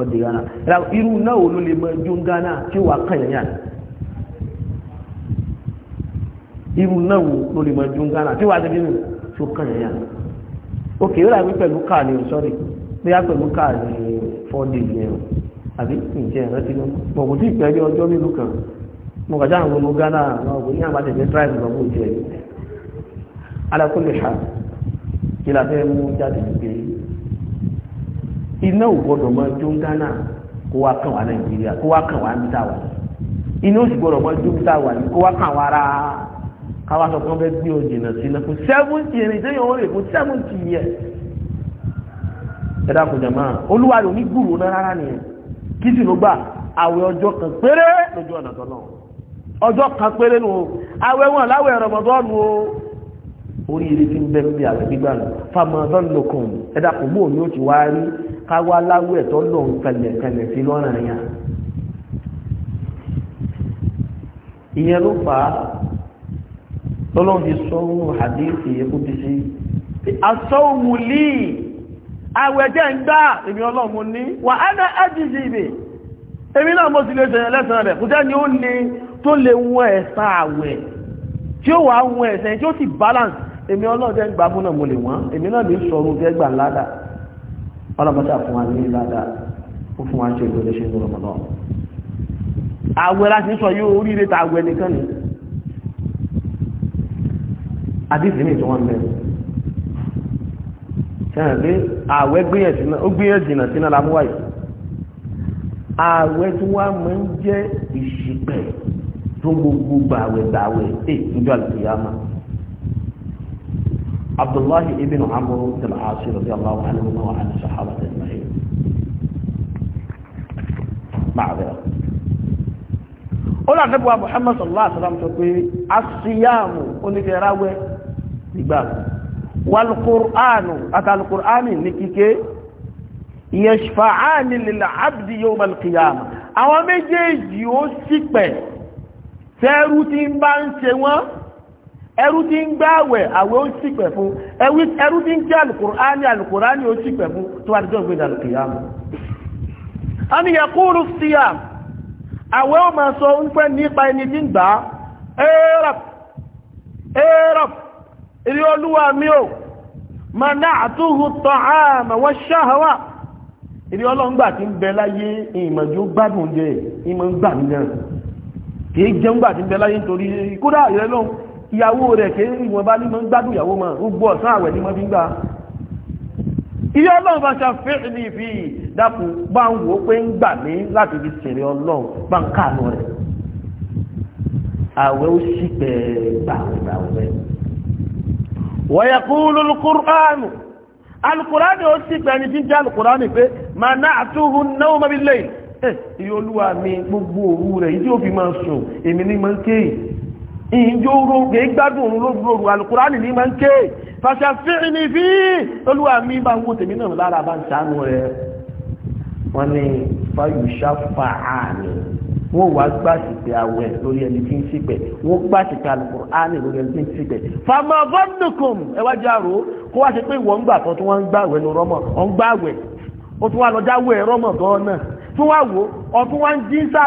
ọdẹ ghana irú náà wo ló lè mọ ẹjọ́ ghana tí ó wà kànyàn yàn irú náà wo ló lè mọ ẹjọ́ ghana tí ó wà ṣe nínú tó kànyàn yàn òkè ó rà wí pẹ̀lú káà ní sọ́rí bí a pẹ̀lú káà ní four days yẹn àbí ǹjẹ́ ìrántí lọ mọ̀ kò tí ì pẹ́ẹ́lí ọjọ́ mélòó kan mo kàjá àwọn ọmọ Ghana àwọn ọmọ ní àbátẹ̀fẹ́ drive lọ bó jẹ́ alákòlè ha kí la fẹ́ mú jáde pé iná ò gbọ́dọ̀ mọ jó Ghana kó wá kàn wá Nàìjíríà kó wá kàn wá ń tà wá iná ò sì gbọ́dọ̀ mọ jó ń tà wá kó wá kàn wá rà á káwá sọ pé wọ́n fẹ́ gbé òjì sí iná fún seventy years ìdẹ́yìn òun rè kò jẹ̀ máa olúwa rò ní gbùrù náà rárá nìyẹn kí sì ló gbà àwẹ̀ ọjọ́ kan péré lójú ọ̀nà tọ́nà ọjọ́ kan péré nù o àwẹ̀ wọn láwẹ̀ rọmọdọ́nù o orí ilé tí ń bẹ níbi àwẹ̀ gbígbà nù famadọ́n lókun ẹ̀dá kò bóun ni ó ti wá rí káwá láwẹ̀ tó lòun kalẹ̀ kalẹ̀ sí lọ́rùn yẹn ìyẹn ló fà á tọ́lọ́n fi sọ́wọ́ àdéhùn ìyẹ́kú ti sí àwẹ̀ jẹ́ ń gbá èmi ọlọ́run ní wà á ná ẹ́jìjì ibè èmi náà mo sì lè ṣèyàn lẹ́sàn rẹ̀ kò sẹ́ni ó ní tó lè wọ́n ẹ̀sà àwẹ̀ tí ó wà wọ́n ẹ̀sẹ̀ tí ó sì balance èmi ọlọ́run jẹ́ ń gbá fún náà mo lè wọ́n èmi náà lè sọ̀rọ̀ jẹ́ gbà ládà ọlọ́mọdé fún wa ní ládà ó fún ẹ̀hàn pé ààwẹ̀ gbìyànjú jìnà sínú alámúwáyé ààwẹ̀ tí wọ́n máa ń jẹ́ ìṣìpẹ̀ tó gbogbo gbààwẹ̀ gbààwẹ̀ ẹ̀ eh, níjọ́ àlùkìyàmà abdullahi ibn amr bin al-as radiyallahu anhu wa an sahaba ajma'in ma'adara ola nabi wa muhammad sallallahu alaihi wasallam sọ pé asiyamu oníkẹrawẹ nígbà wàlùkùránù àtàlùkùránì ní kíké yashfa'ani lil abdi yawm al-qiyamah àwọn méjèèjì ó ṣìpẹ̀ tẹ́rú tí ń bá ń ṣe wọ́n ẹrú tí ń gbáwẹ̀ àwẹ̀ ó ṣìpẹ̀ fún ẹrú tí ń jẹ́ alùkùránì alùkùránì ó ṣìpẹ̀ fún tó wà níjọ́ ìgbéjà al-qiyamah àmì yaqulu siyam àwẹ́ ò máa sọ ń pẹ́ nípa ẹni tí ń gbà á ẹ́rọ̀p ìrí olúwa mi ò ma náà àtúhù tọ́ àmà wọ́n ṣáhàwà ìrí ọlọ́ngbà tí ń bẹ láyé ìmọ̀jú gbádùn jẹ ìmọ̀ ń gbà nìyàn kì í jẹun gbà tí ń bẹ láyé nítorí kódà ìrẹ́ lọ ìyàwó rẹ̀ kì í ìwọ̀n bá ní mọ́ gbádùn ìyàwó mọ́ gbogbo ọ̀sán àwẹ̀ ní mọ́ fi ń gbà ìyá ó pé pẹ̀ẹ́ gbàwẹ̀ ويقول القرآن القرآن يوسف يعني جنجا القرآن في منعته النوم بالليل ìyó olúwa mi gbogbo òru rẹ̀ ìdí òfin máa sùn èmi ní máa ń ké ìjó rògbé gbádùn òun ló rọrù alùkùránì ní máa ń ké fàṣà fíì ní fi olúwa mi bá ń wo tèmi náà lára bá ń sàánú rẹ̀ wọ́n ní fáyù ṣáfà áàmì wọ́n wá gbàsìpẹ̀ àwẹ̀ lórí ẹni tí ń sípẹ̀ wọ́n gbàsìpẹ̀ al lórí ẹni tí ń fama vandukum kó wá ṣe pé ìwọ̀n ń gbà kan tí wọ́n ń gbàwẹ̀ ní rọ́mọ̀ ọ̀ ń gbàwẹ̀ ó tún wá rọ́mọ̀ gan náà tún wá wò ó tún wá ń dín ta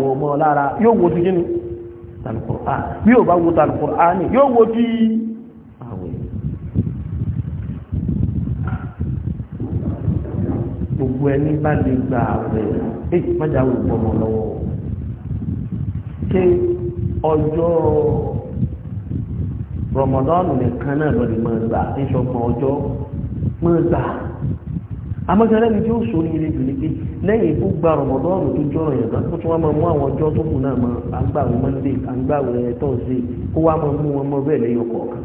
ọmọ lára yóò tàlùkùrán bí ò bá wo tàlùkùrán ni yo wo tí àwẹ̀ gbogbo ẹni bá lè gba àwẹ̀ ẹ̀ mọ́jà wò gbọmọ lọ́wọ́ ṣé ọjọ́ rọmọdọ́nù nìkan náà lọ́ọ́ lè máa gbà ní sọ́kàn ọjọ́ máa gbà amọ́sẹ̀rẹ́ mi tí ó sòrí ilé jù ní pé lẹ́yìn ikú gba rọ̀mọ̀dọ́ọ̀rù tó jọrọ̀ yẹn kan tó tún wá máa mú àwọn ọjọ́ tó kù náà mọ àgbàwò monday àgbàwò ẹ̀ tọ́sídẹ̀ kó wá máa mú wọn mọ bẹ́ẹ̀ lẹ́yìn ọkọ̀ kan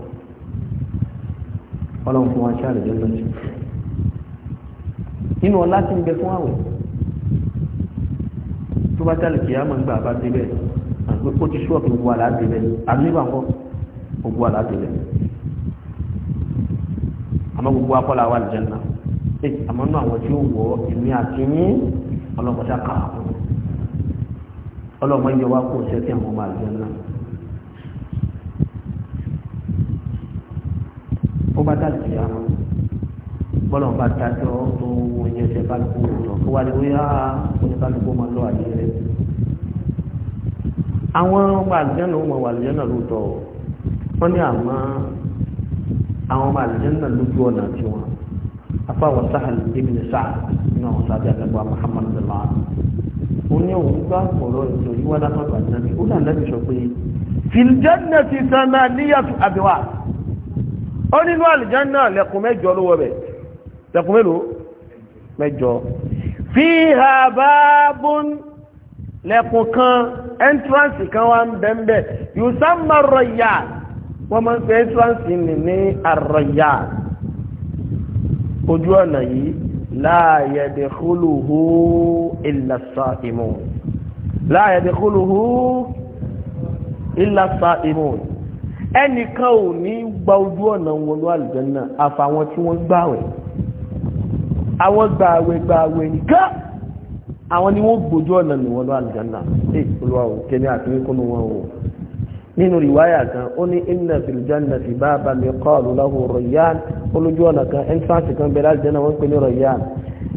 ọlọ́run fún wa ṣáàlì jẹ́ lọ́jọ́ nínú ọlá tí ń bẹ fún àwẹ̀ tó bá tálẹ̀ kìí àmọ́ gbà bá débẹ̀ àgbẹ̀ ó ti ṣọ́ọ̀kì stage àmọ́ náà àwọn tí ó wọ̀ èmi àti yín ọlọ́mọdé kà á kún ọlọ́mọ yẹ wá kó sẹ́tì àwọn ọmọ àjọ náà. ó bá dàgbé àwọn bọ́lá ọba dájọ́ tó wọ iye ẹsẹ̀ kálukú lọ kó wá ní wíyá oníkálukú máa lọ àyè rẹ̀. àwọn ọmọ àjọ náà wọ́n wà àjọ náà lóòótọ́ wọ́n ní àmọ́ àwọn ọmọ àjọ náà lójú ọ̀nà tiwọn apá wọ sahal ibn sa'ad nínú àwọn sábẹ́ àgbàgbà muhammad sallallahu alaihi wasallam ó ní òun gbá ọ̀rọ̀ ètò ìwà lápapọ̀ ànábì ó dà lẹ́bi sọ pé fìlìjánà ti san náà níyàtú àbíwá ó nínú àlìjánà lẹ́kùn mẹ́jọ ló wọ bẹ̀ lẹ́kùn mélòó mẹ́jọ fíhà bábún lẹ́kùn kan entrance kan wà ń yusamma rọ̀yà wọ́n máa ń pè entrance ní ní àrọ̀yà ojú ọ̀nà yìí láàyẹ̀dẹ̀ kúlùhù ìlàsà ìmọ̀ láàyẹ̀dẹ̀ kúlùhù ìlàsà ìmọ̀ ẹnìkan ò ní gba ojú ọ̀nà wọn lọ àlùjànnà àfàwọn tí wọ́n gbàwẹ̀ àwọn gbàwẹ̀ gbàwẹ̀ nìkan àwọn ni wọ́n gbójú ọ̀nà wọn lọ àlùjànnà ẹ̀ olúwa ò kẹ́ni àti wíkúnnú wọn ò nínú riwaya kan ó ní inna fil jannati baban yuqalu lahu Rayyan olójú ọ̀nà kan entrance kan bẹ̀rẹ̀ àjẹ́nà wọ́n pè ní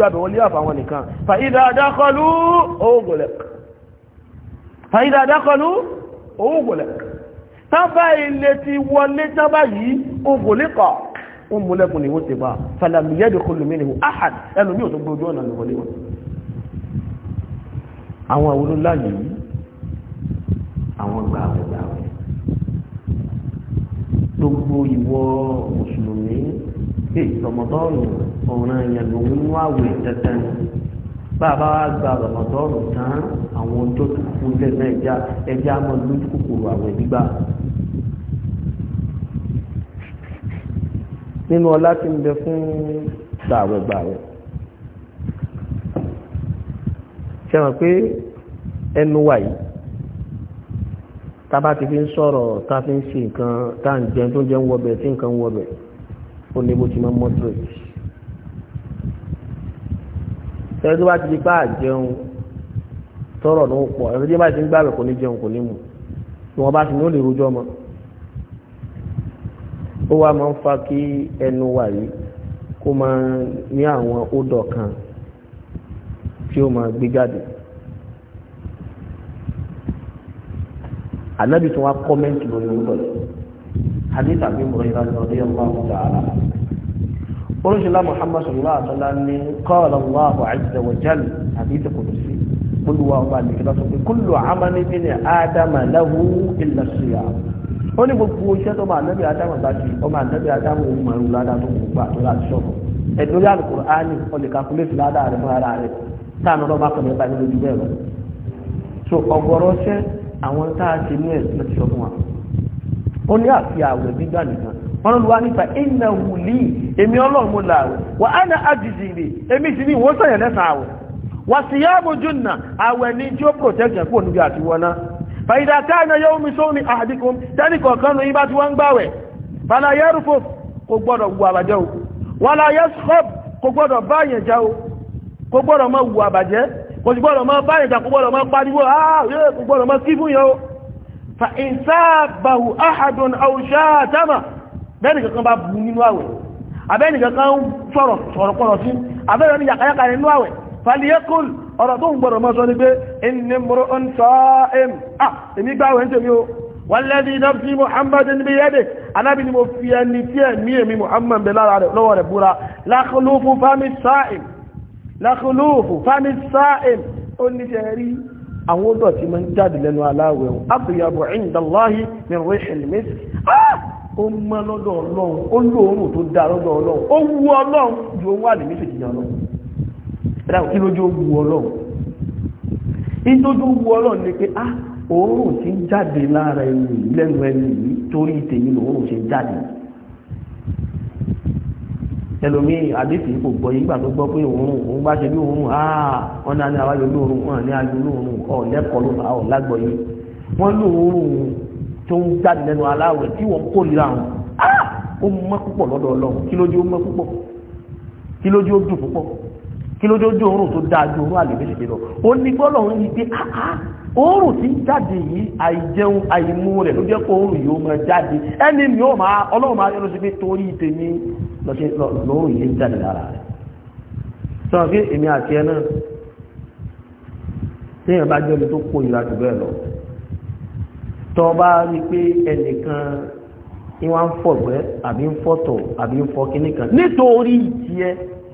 gbàbẹ̀ wọlé àfàwọn nìkan fàídà dákọlú owó gòlẹ̀ tábà ilé ti wọlé tábà yìí ogòlẹ́kọ̀ ó múlẹ́kùn ni wọ́n ti bá fàlàmìyàdì kọlùmínìwò ahad ẹlùmí ò tó gbójú ọ̀nà lọ́wọ́lé wọn àwọn gbogbo ìwọ mùsùlùmí pé rọmọdọ́ọ̀nù ọ̀ràn yẹn lòun ń wá àwẹ̀ tẹ́tẹ́ ni bàbá wa gba rọmọdọ́ọ̀nù tán àwọn ọjọ́ tó kù lẹ́nu ẹja ẹja mọ lójú kòkòrò àwẹ̀ gbígbà. nínú ọlá tí ń bẹ fún gbàwẹ̀gbàwẹ̀ ṣe mọ̀ pé ẹnu wà yìí tábà ti fi ń sọ̀rọ̀ tá fi ń ṣe nǹkan tá à ń jẹun tó ń jẹun wọbẹ̀ tí nǹkan wọbẹ̀ ó ní bó ti máa moderate ẹni tó bá ti di pa àjẹun tọrọ ní pọ ẹni tó bá ti ń gbàgbé kò ní jẹun kò ní mu ìwọ̀n bá ti ní ó lè rojọ́ ọmọ ó wá máa ń fa kí ẹnu wà yìí kó máa ní àwọn ódọ̀ kan tí ó máa gbé jáde ànábì tí wọ́n á kọ́mẹ́ǹtì lórí orúkọ yìí hadith abi muraira radiyallahu ta'ala oríṣìlá muhammad sallallahu alaihi wasallam ni qala allahu azza wa jal hadith qudusi olùwà ọba nìkìlá sọ pé kullu amali bin adama lahu illa siyam ó ní gbogbo iṣẹ́ tó máa nẹ́bí adama bá ti ọmọ ànẹ́bí adama òun mọ̀ ìrùlá dá tó kù gbà tó láti ṣọ́kù ẹ̀dùn yà lùkùrù á ní ọlẹ̀ kàkúlẹ̀tì ládàá rẹ̀ fún ara rẹ̀ táwọn ọlọ́mọ akọ̀lẹ̀ bá ní lójú bẹ́ẹ̀ lọ so ọ̀gọ̀rọ̀ ṣẹ́ àwọn tá a ti ní ẹ̀ lọ́ti sọ fún wa ó ní àfi àwẹ̀ gbígbà nìkan wọn lọ́wọ́ nípa iná wùlí èmi ọlọ́run mo làwẹ̀ wà á na àjèjì rè èmi sì ní ìwọ́n sọ̀yẹ̀ lẹ́sàn àwẹ̀ wà sí yá mojú nà àwẹ̀ ni tí ó protection kúrò níbi àti wọná fàyídà káàna yóò mi sóhun ní àdìkún tẹ́nì kọ̀ọ̀kan ní ibà tí wọ́n ń gbàwẹ̀ fàlà yẹ́rùfò kò gbọ́dọ̀ wu àbàjẹ́ o wàlà yẹ́sọ́b kò gbọ́dọ̀ bá yẹn já ah kò gbọ́dọ̀ má kí fa ìsáàbàwò áhàdùn àwòṣáàtàmà bẹ́ẹ̀ni kankan bá bu nínú àwẹ̀ abẹ́ni kankan sọ̀rọ̀ sọ̀rọ̀kọ̀rọ̀ sí abẹ́rẹ́ ní yàkàyàkà nínú àwẹ̀ fàlíyẹ́kùl ọ̀rọ̀ tó ń gbọ́rọ̀ mọ́ sọ ní pé inni mọ́rọ̀ ń sọ ẹ̀m ah èmi gbáwẹ̀ ń tèmi o wàlẹ́dì nafsi muhammad níbi yẹ́dẹ̀ anábì ni mo fi ẹni tí ẹ̀mí èmi muhammad bẹ̀ lára rẹ̀ lọ́wọ́ rẹ̀ búra lákùlùfù fámi sáìm lákùlùfù fámi sáìm ó ní ṣe rí àwọn odò tí máa ń jáde lẹ́nu aláwẹ̀ ohun àtúyàbọ̀ ìndàláhì ní rachel ó mọ́ lọ́dọ̀ ọlọ́run ó lóòrùn tó dá lọ́dọ̀ ọlọ́run ó wú ọlọ́run ju owó àdìmísì jìyà ọlọ́run ọlọ́run ni ah! ti ẹlòmíì àdéhùn kò gbọ́ yìí gbà tó gbọ́ pé òun òun bá ṣe bí òun áà wọn náà ní àwáyọ lóorun wọn ní ayọ lóorun ọ lẹ́kọ̀ọ́ lóorun àwọn lágbọ yìí wọn lóorun tó ń jáde lẹ́nu aláwẹ̀ tí wọn kórìíra wọn áà ó mọ púpọ̀ lọ́dọ̀ Ọlọ́run kí lójú ó mọ púpọ̀ kí lójú ó dùn púpọ̀ kí ló dójú oòrùn tó dáa ju oòrùn àlèméṣe lọ ó ní gbọ́dọ̀ ń yí pé áá ah, ah, tí ń jáde yìí àìjẹun àìmú rẹ̀ ló jẹ́ kó oòrùn yìí ó máa jáde ẹni mi ò máa ọlọ́run máa yọ lọ sí pé torí tèmi lọ́rùn yìí ń jáde lára rẹ̀ sọ èmi àti ẹ náà téèyàn bá jẹ́ tó kó ìlà jù bẹ́ẹ̀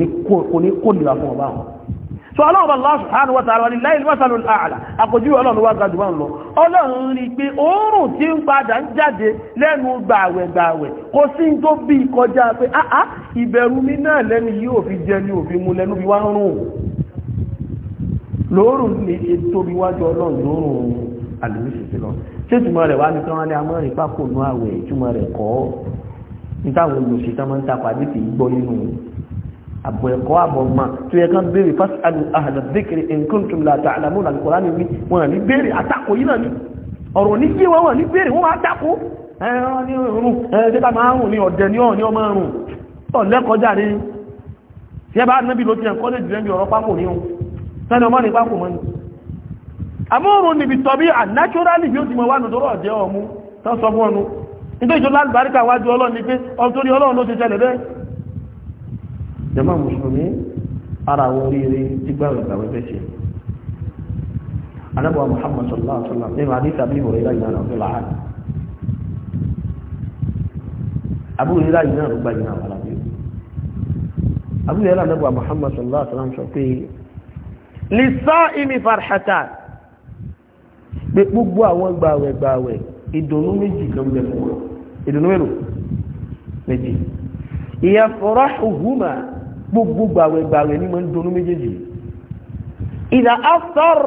kò ní kòlìlà fún ọba wọn so ọlọ́run Allah subhanahu wa ta'ala ní láìlú wásàlù ààlà àpòjú ọlọ́run wá gajù wọn lọ ọlọ́run rí pé oòrùn tí ń padà ń jáde lẹ́nu gbààwẹ̀ gbààwẹ̀ kò sí tó bí kọjá pé àá ah, ah, ìbẹ̀rù mi náà lẹ́nu yóò fi jẹ ní òfin mu lẹ́nu bí wá ń rùn lóòrùn ní tóbi wájú ọlọ́run lóòrùn àlùmíṣẹ́ lọ ṣé ìtumọ̀ rẹ̀ wá ní kí wọ́n ní amọ́rin pákó nú àwẹ̀ ìtumọ̀ àbọ̀ ẹ̀kọ́ àbọ̀ ma tó yẹ kán béèrè fas'alu ahla dhikri in kuntum la ta'lamuna al-Qur'ani ní wọn ní béèrè àtakò yìí náà ní ọ̀rọ̀ ní yé wọn ní béèrè wọn àtakò ẹ̀rọ ní ọ̀rùn ẹ̀ẹ́dẹ́ta máa ń rùn ní ọ̀dẹ̀ ní ọ̀ ní ọmọ rùn ọ̀lẹ́kọjá rí tí ẹ bá nábi ló ti yàn kọ́lẹ̀ jùlẹ́ bí ọ̀rọ̀ pápò ní ohun sẹ́ni ọmọ ní pápò mọ́ ní amóòrùn níbi tọ́bí ànáṣọ́rálì bí ó ti mọ̀ wá nùdọ́rọ̀ ọ̀jẹ́ ọmú tán sọ fún ọnu nítorí ìjọ lálùbáríkà wájú ọlọ́run ni pé ọ̀tọ́rí ọlọ́run ló ti ṣẹlẹ̀ bẹ́ẹ̀ jàmá mùsùlùmí ara àwọn oríire tí gbáwé gbàwé bẹ́ẹ̀ ṣe anábọ̀ muhammad sallallahu alaihi wa sallam nínú àdìsá bí ìwòrán ìlànà ìlànà ọ̀gbìn làá àbúrò ìlànà ìlànà ló gba ìlànà àwọn àlàbí àbúrò ìlànà anábọ̀ muhammad sallallahu alaihi wa sallam sọ pé lisa imi farhata pé gbogbo àwọn gbàwé gbàwé ìdùnnú méjì kan bẹ fún wa ìdùnnú mélòó gbogbo gbàwẹ̀ gbàwẹ̀ ní mo ń dunú méjèèjì ìlà aftar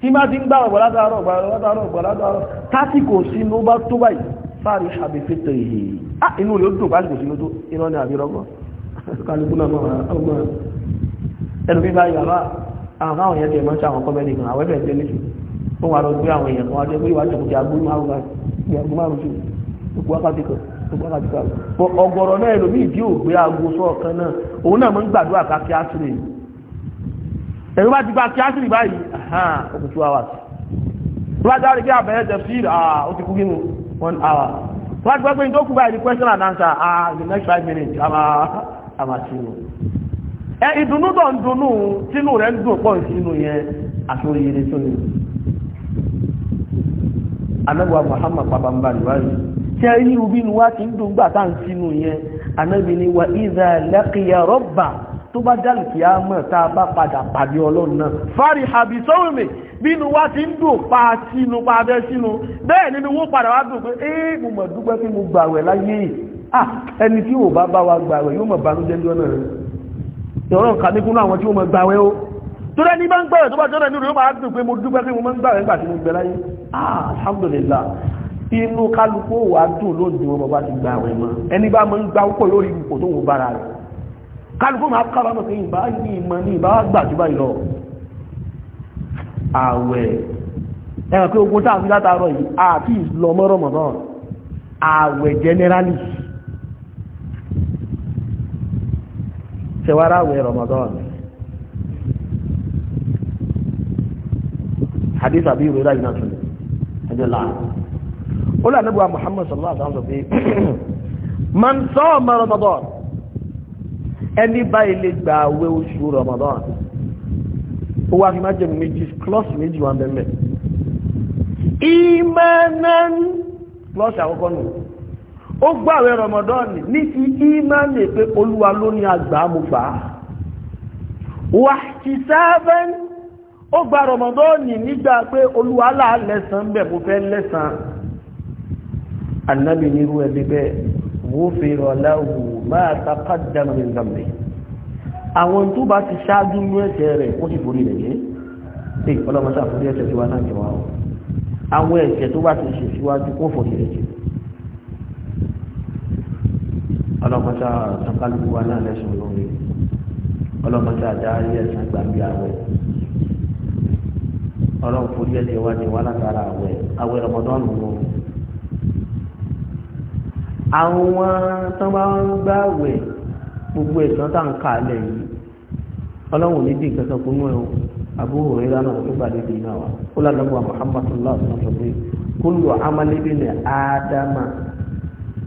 tí má ti ń gbàwẹ̀ gbàládàárọ̀ gbàládàárọ̀ gbàládàárọ̀ tásìkò sínú bá tó báyìí fáàrí àbẹ̀fẹ́tẹ̀ ìhè ah, á inú rẹ̀ ó dùn báyìí kò sínú tó iná ní àbírọ́gbọ́ kálukú náà máa ọgbọ́n ẹnu bí báyìí àbá àwọn káwọn yẹn tẹ̀ mọ́ sí àwọn kọ́mẹ́nì kan àwọn ẹ̀fẹ̀ ń tẹ́lẹ̀ sí fún wa lọ gbé àwọn èèyàn kan wá jẹ́ pé ìwádìí kò ọ̀gọ̀rọ̀ náà ẹlòmí ìdí ògbé aago sọ́ọ̀kan náà òun náà mọ́ ń gbàdúrà ká kí ásìrì ẹ̀rọ bá ti bá kí ásìrì báyìí ọkùn two hours rájá rí pé àbẹ̀rẹ̀ tẹ̀ ó ti one hour rájá pé tó báyìí question and answer the next five minutes ẹ ìdùnnú tó ń dunnú tẹ́ irú bí wá ti ń dùn gbà tá ń sínú yẹn anábi ni wà ìzà laqiya rabba tó bá dálùkì á mọ̀ tá a bá padà pàdé ọlọ́run náà fárí àbí sọ́rùmì bínú wá ti ń dùn pa sínú pa abẹ́ sínú bẹ́ẹ̀ nínú wó padà wá dùn pé ee mo mọ̀ dúpẹ́ pé mo gbàwẹ̀ láyé ẹni tí ò bá bá wa gbàwẹ̀ yóò mọ̀ bánújẹ́ ní ọ̀nà ní bá ń gbàwẹ̀ tó bá jọ́rẹ̀ nínú yóò máa dùn pé mo dúpẹ́ pé mo mọ̀ gbàwẹ̀ nígbà tí mo gbẹ láyé ah alhamdulillah inú kálukú wà dùn lóòdì wọn bàbá ti gba àwọn ẹmọ ẹni bá mọ́ ń gba ọkọ̀ lórí ipò tó wọ́n bára rẹ̀ kálukú máa kára mọ̀ pé ìbá ní ìmọ̀ ní ìbá gbà jù báyìí lọ àwẹ̀ ẹ̀rọ pé ogun táà fi látàárọ̀ yìí àti ìlọ mọ́rọ̀ mọ̀ náà àwẹ̀ generally ṣẹwàrá àwẹ̀ Ramadan hadith àbí ìwé ráyìn náà tún ẹjọ́ láàrín ó lè ànábì wa Muhammad sallallahu alaihi wa sallam sọ pé <clears throat> man sọ́ọ̀mọ́ Ramadan ẹni báyìí lè gba àwẹ̀ oṣù Ramadan ó wá fi má jẹ́ méjì klọ́ọ̀sì méjì wà bẹ́ẹ̀ ìmánán klọ́ọ̀sì àkọ́kọ́ nù ó gbà àwẹ̀ Ramadan ní ti ìmánì pé olúwa ló ní àgbà mo gbà á wàhtisaban ó gba Ramadan nígbà pé olúwa là lẹ́sàn bẹ̀ mo fẹ́ lẹ́sàn annabi nírú ẹbí bẹ́ẹ̀ wúfèrò aláwò máa taqaddama min dhanbi àwọn tó bá ti ṣáájú ní ẹ̀ṣẹ̀ rẹ̀ ó sì forí rẹ̀ yé pé ọlọ́mọṣà forí ẹ̀ṣẹ̀ tí wá náà jẹ wá o àwọn ẹ̀ṣẹ̀ tó bá ti ṣe síwájú kó forí rẹ̀ jẹ ọlọ́mọṣà sọ́kálùkù wa náà lẹ́sùn lórí ọlọ́mọṣà dárí ẹ̀sán gbàgbé àwẹ̀ ọlọ́mọ forí ẹ̀ṣẹ̀ wá ní wá látara àwẹ̀ àwẹ̀ Ramadan lórí àwọn tó bá ń gbogbo ẹ̀sán tá ń kà lẹ̀ yìí ọlọ́run ní bí nǹkan kún mọ́ Abu tó náà wà ó lànàbọ̀ Muhammad pé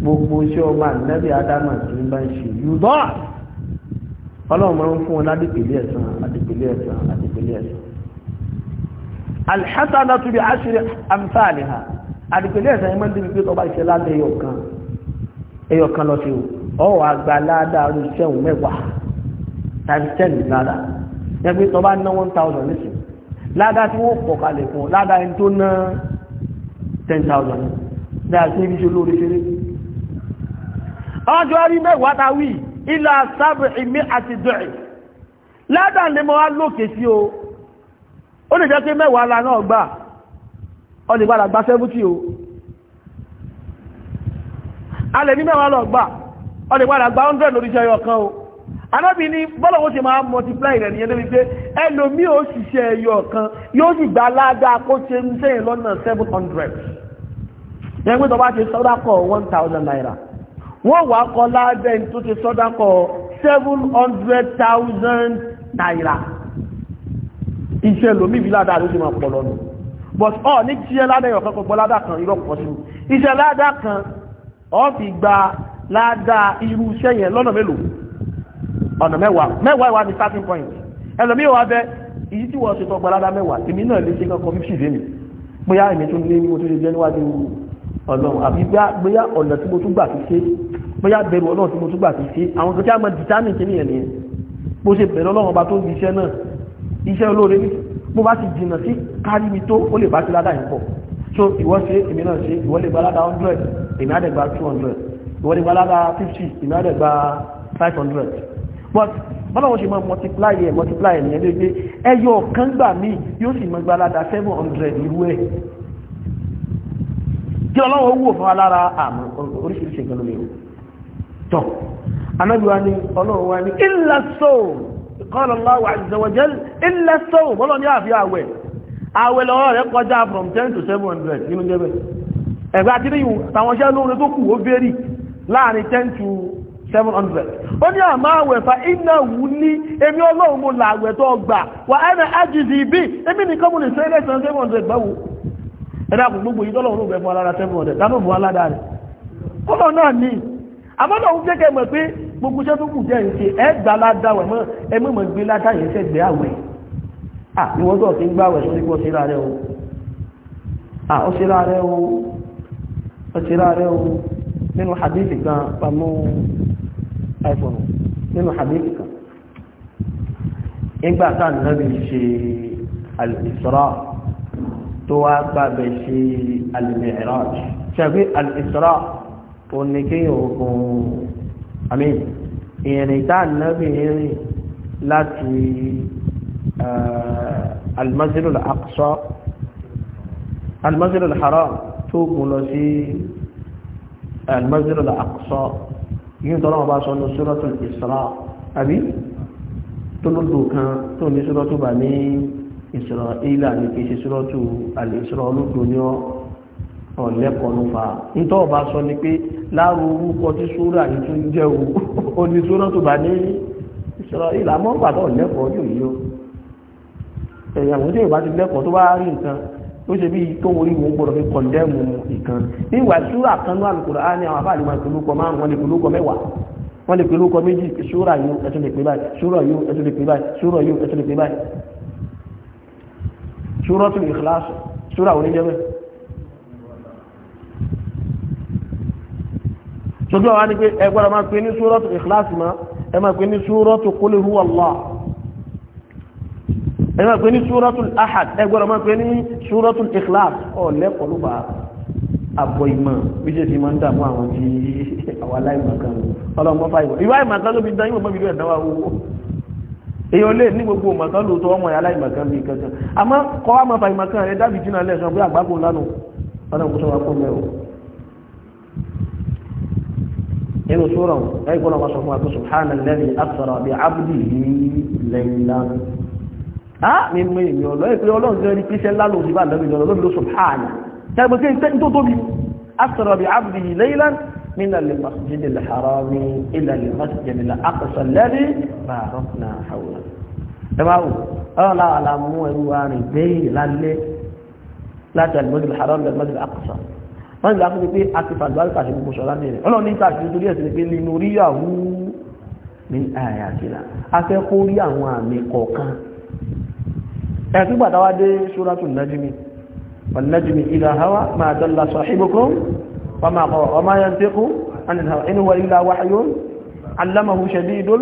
gbogbo iṣẹ́ ọmọ ànábì ádámà tí ń bá ń ṣe yúdọ́ ọlọ́run máa ń fún wọn ẹ̀sán ẹ̀sán ẹyọ kan lọ sí o ọ wà gba ládàá orí iṣẹ́ òun mẹ́wàá tàbí ten ládàá ẹgbẹ́ tó bá ná one thousand nísìn ládàá tí wọ́n pọ̀ kalẹ̀ fún ọ ládàá ẹni tó ná ten thousand dáa sí ibi tí olóore ṣeré. ọjọ́ rí mẹ́wàá ta wí ilà sábẹ̀ ìmí àti dọ̀ẹ̀ ládàá lè mọ wá lókè sí o ó lè jẹ́ pé mẹ́wàá la náà gbà ọ lè gbàdàgbà sẹ́fútì o alẹ́ ní mẹ́wàá lọ gbà ọ lè padà gba 100 lórí iṣẹ́ ẹyọ kan o anábì ní bọ́lọ̀wọ́ ṣe máa multiply rẹ̀ nìyẹn débi pé ẹlòmí ò ṣiṣẹ́ ẹyọ kan yóò sì gba ládàá kó ṣe ń sẹ́yìn lọ́nà 700 yẹn pé tọba ṣe sọ́dákọ̀ 1000 naira wọ́n wàá kọ ládàá tó ṣe sọ́dákọ̀ 700,000 naira iṣẹ́ lomi bí ládàá ló ṣe máa pọ̀ lọ́nà but ọ ní ṣiṣẹ́ ládàá ẹyọ kan kò gbọ́ ládàá kan irọ́ sí iṣẹ́ ládàá kan ó fi gba ládàá irú iṣẹ́ yẹn lọ́nà mélòó ọ̀nà mẹ́wàá mẹ́wàá ìwà ni starting point ẹlòmíì wà bẹ èyí tí wọ́n ṣe tọ́gbà ládàá mẹ́wàá èmi náà lè ṣe kankan fífi lé mi bóyá èmi tún lé ní mo tún lè jẹ́ níwájú ọlọ́run àbí bóyá ọ̀nà tí mo tún gbà fi ṣe bóyá bẹ̀rù ọlọ́run tí mo tún gbà fi ṣe àwọn tó kí á mọ dìtánì kí nìyẹn nìyẹn bó ṣe bẹ̀rù ọlọ́run ọba tó ń di iṣẹ́ náà iṣẹ́ olóore bó bá ti jìnnà sí kárí mi tó ó lè bá ti ládàá yẹn pọ̀ so ìwọ ṣe èmi náà ṣe ìwọ lè gbalada hundred èmi á dẹ̀ gba two hundred ìwọ lè gbalada fifty èmi á five hundred but bọ́lá wọn ṣe máa multiply ẹ̀ multiply ẹ̀ nìyẹn lóye ẹyọ kan gbà mí yóò sì máa gbalada seven hundred irú ẹ̀ kí ọlọ́wọ́ wò fún alára àmọ́ oríṣiríṣi nǹkan lóye o tọ́ anábìwá ni ọlọ́wọ́ wa ni illa so qala Allahu azza wa jal illa so bọ́lá ní àfi àwẹ̀ àwẹ̀ lọ́wọ́ rẹ̀ kọjá from ten to seven hundred nínú jẹ́bẹ̀ ẹ̀gbẹ́ akíní yìí tàwọn iṣẹ́ lóore tó kù ó bẹ́rì láàrin ten to seven hundred ó ní àmọ́ àwẹ̀ fa iná wù ní èmi ọlọ́run mo là àwẹ̀ tó gbà wà á na ájìdì bí èmi nìkan mo lè ṣe ilé ìsan seven hundred báwo ẹ dàpọ̀ gbogbo yìí tọ́lọ́run ló gbẹ fún alára seven hundred dáná fún aládà rẹ̀ kọ́lọ̀ náà ní àmọ́ náà ń jẹ́ kẹ́ mọ̀ pé gbogbo iṣẹ́ tó kù jẹ́ ìṣe ẹ̀ gbà ládàwẹ̀ mọ́ ẹ mọ̀ ah ìwọ́n tó ti ń gbáwẹ̀ sórí pọ́ sí láàrẹ o ah ó sí láàrẹ o ó sí láàrẹ o nínú hadithi kan pàmú iphone nínú hadithi kan ìgbà tá nàbí ṣe al-isra tó wá gbàbẹ̀ ṣe al-mi'raj ṣàgbé al-isra ò ní kí òkun àmì ìrìn tá nàbí ìrìn láti almasjid al-aqsa almasjid al-haram tó mú lọ sí almasjid al-aqsa yìí tọ́lọ́ wọn bá sọ ní suratul isra àbí tó ló dùn kan tó ní suratu bani isra'ila ní kí ṣe suratu al-isra olódùn ní ọ́ ọ̀lẹ́kọ̀ọ́nù fa nítọ́ ọba sọ ni pé láàrú orúkọ tí sóra yìí tún jẹ́ o onísóra tó bá ní ìṣòro ìlàmọ́ pàtó ọ̀lẹ́kọ̀ọ́ yóò yíyó ẹ̀yàwó tí ìwà ti lẹ́kọ̀ọ́ tó bá rí nǹkan ó ṣe bí tó orí wọn gbọ́dọ̀ fi kọ̀ndẹ́mù nǹkan nígbà súrà kan náà lùkùrọ̀ á ní àwọn àbáàlì wọn ìpínlúkọ márùn wọn ìpínlúkọ mẹ́wàá wọn ìpínlúkọ méjì súrà yóò ẹtún lè pè báyìí súrà yóò ẹtún lè pè báyìí súrà yóò ẹtún lè pè báyìí súrà tún ìkìláàsì súrà oníjẹ́bẹ̀. sojú àwọn á pé ẹgbẹ́ra máa pè ní súrà tún ìkìláàsì máa ẹ máa pè ní súrà tún qul huwa Allah ẹ máa pè ní suratul ahad ẹ gbọ́dọ̀ máa pè ní suratul ikhlas ọ̀lẹ́pọ̀ ló bá àbọ̀ ìmọ̀ méjèèjì máa ń dààmú àwọn tí àwọn aláìmọ̀ kan ọlọ́mọ fà ìwọ̀ ìwà ìmọ̀ kan ló fi dán ìwọ̀n mọ́bìlú ẹ̀dáwà owó èèyàn lè ní gbogbo ìmọ̀ kan lóòótọ́ ọmọ ìyá aláìmọ̀ kan bíi kankan àmọ́ kọ́ wá máa fa ìmọ̀ kan rẹ dábì jìnnà lẹ́sàn pé á mi mú èmi ọ̀lọ́ ìpé ọlọ́run jẹ́ ipé iṣẹ́ ńlá lòdì bá lọ́bì lọ́rọ̀ lóbi ló sọ hàní tẹ́gbẹ́ sí ìtẹ́ tó tóbi asọ̀rọ̀ bí abdi laylan min al-masjid al-haram ila al-masjid al-aqsa alladhi barakna hawla ẹ bá wò ọlọ́run láwọn la mú ẹrú wa rìn bẹ́ẹ̀ lálẹ́ láti al ẹ̀sùn gbàdáwà dé ṣúratù najmi wan najmi idha hawa ma dalla sahibukum wa ma qawa wa ma yantiqu anil hawa in huwa illa wahyun allamahu shadidul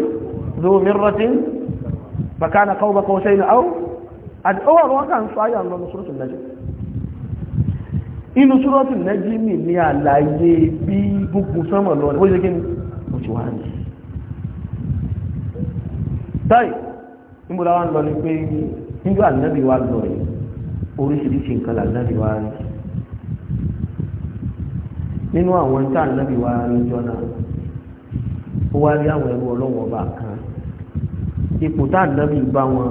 dhu mirratin fa kana qawba qawsayn aw ad ṣúratù najmi inú ṣúratù najmi ni àlàyé bí gugu sama lo ni pe nígbà ànábì wa lọ yìí oríṣiríṣi nǹkan là ànábì wa rí nínú àwọn tá ànábì wa rí jọ́nà ó wá rí àwọn ẹrú ọlọ́wọ́ bá kan ipò tá ànábì bá wọn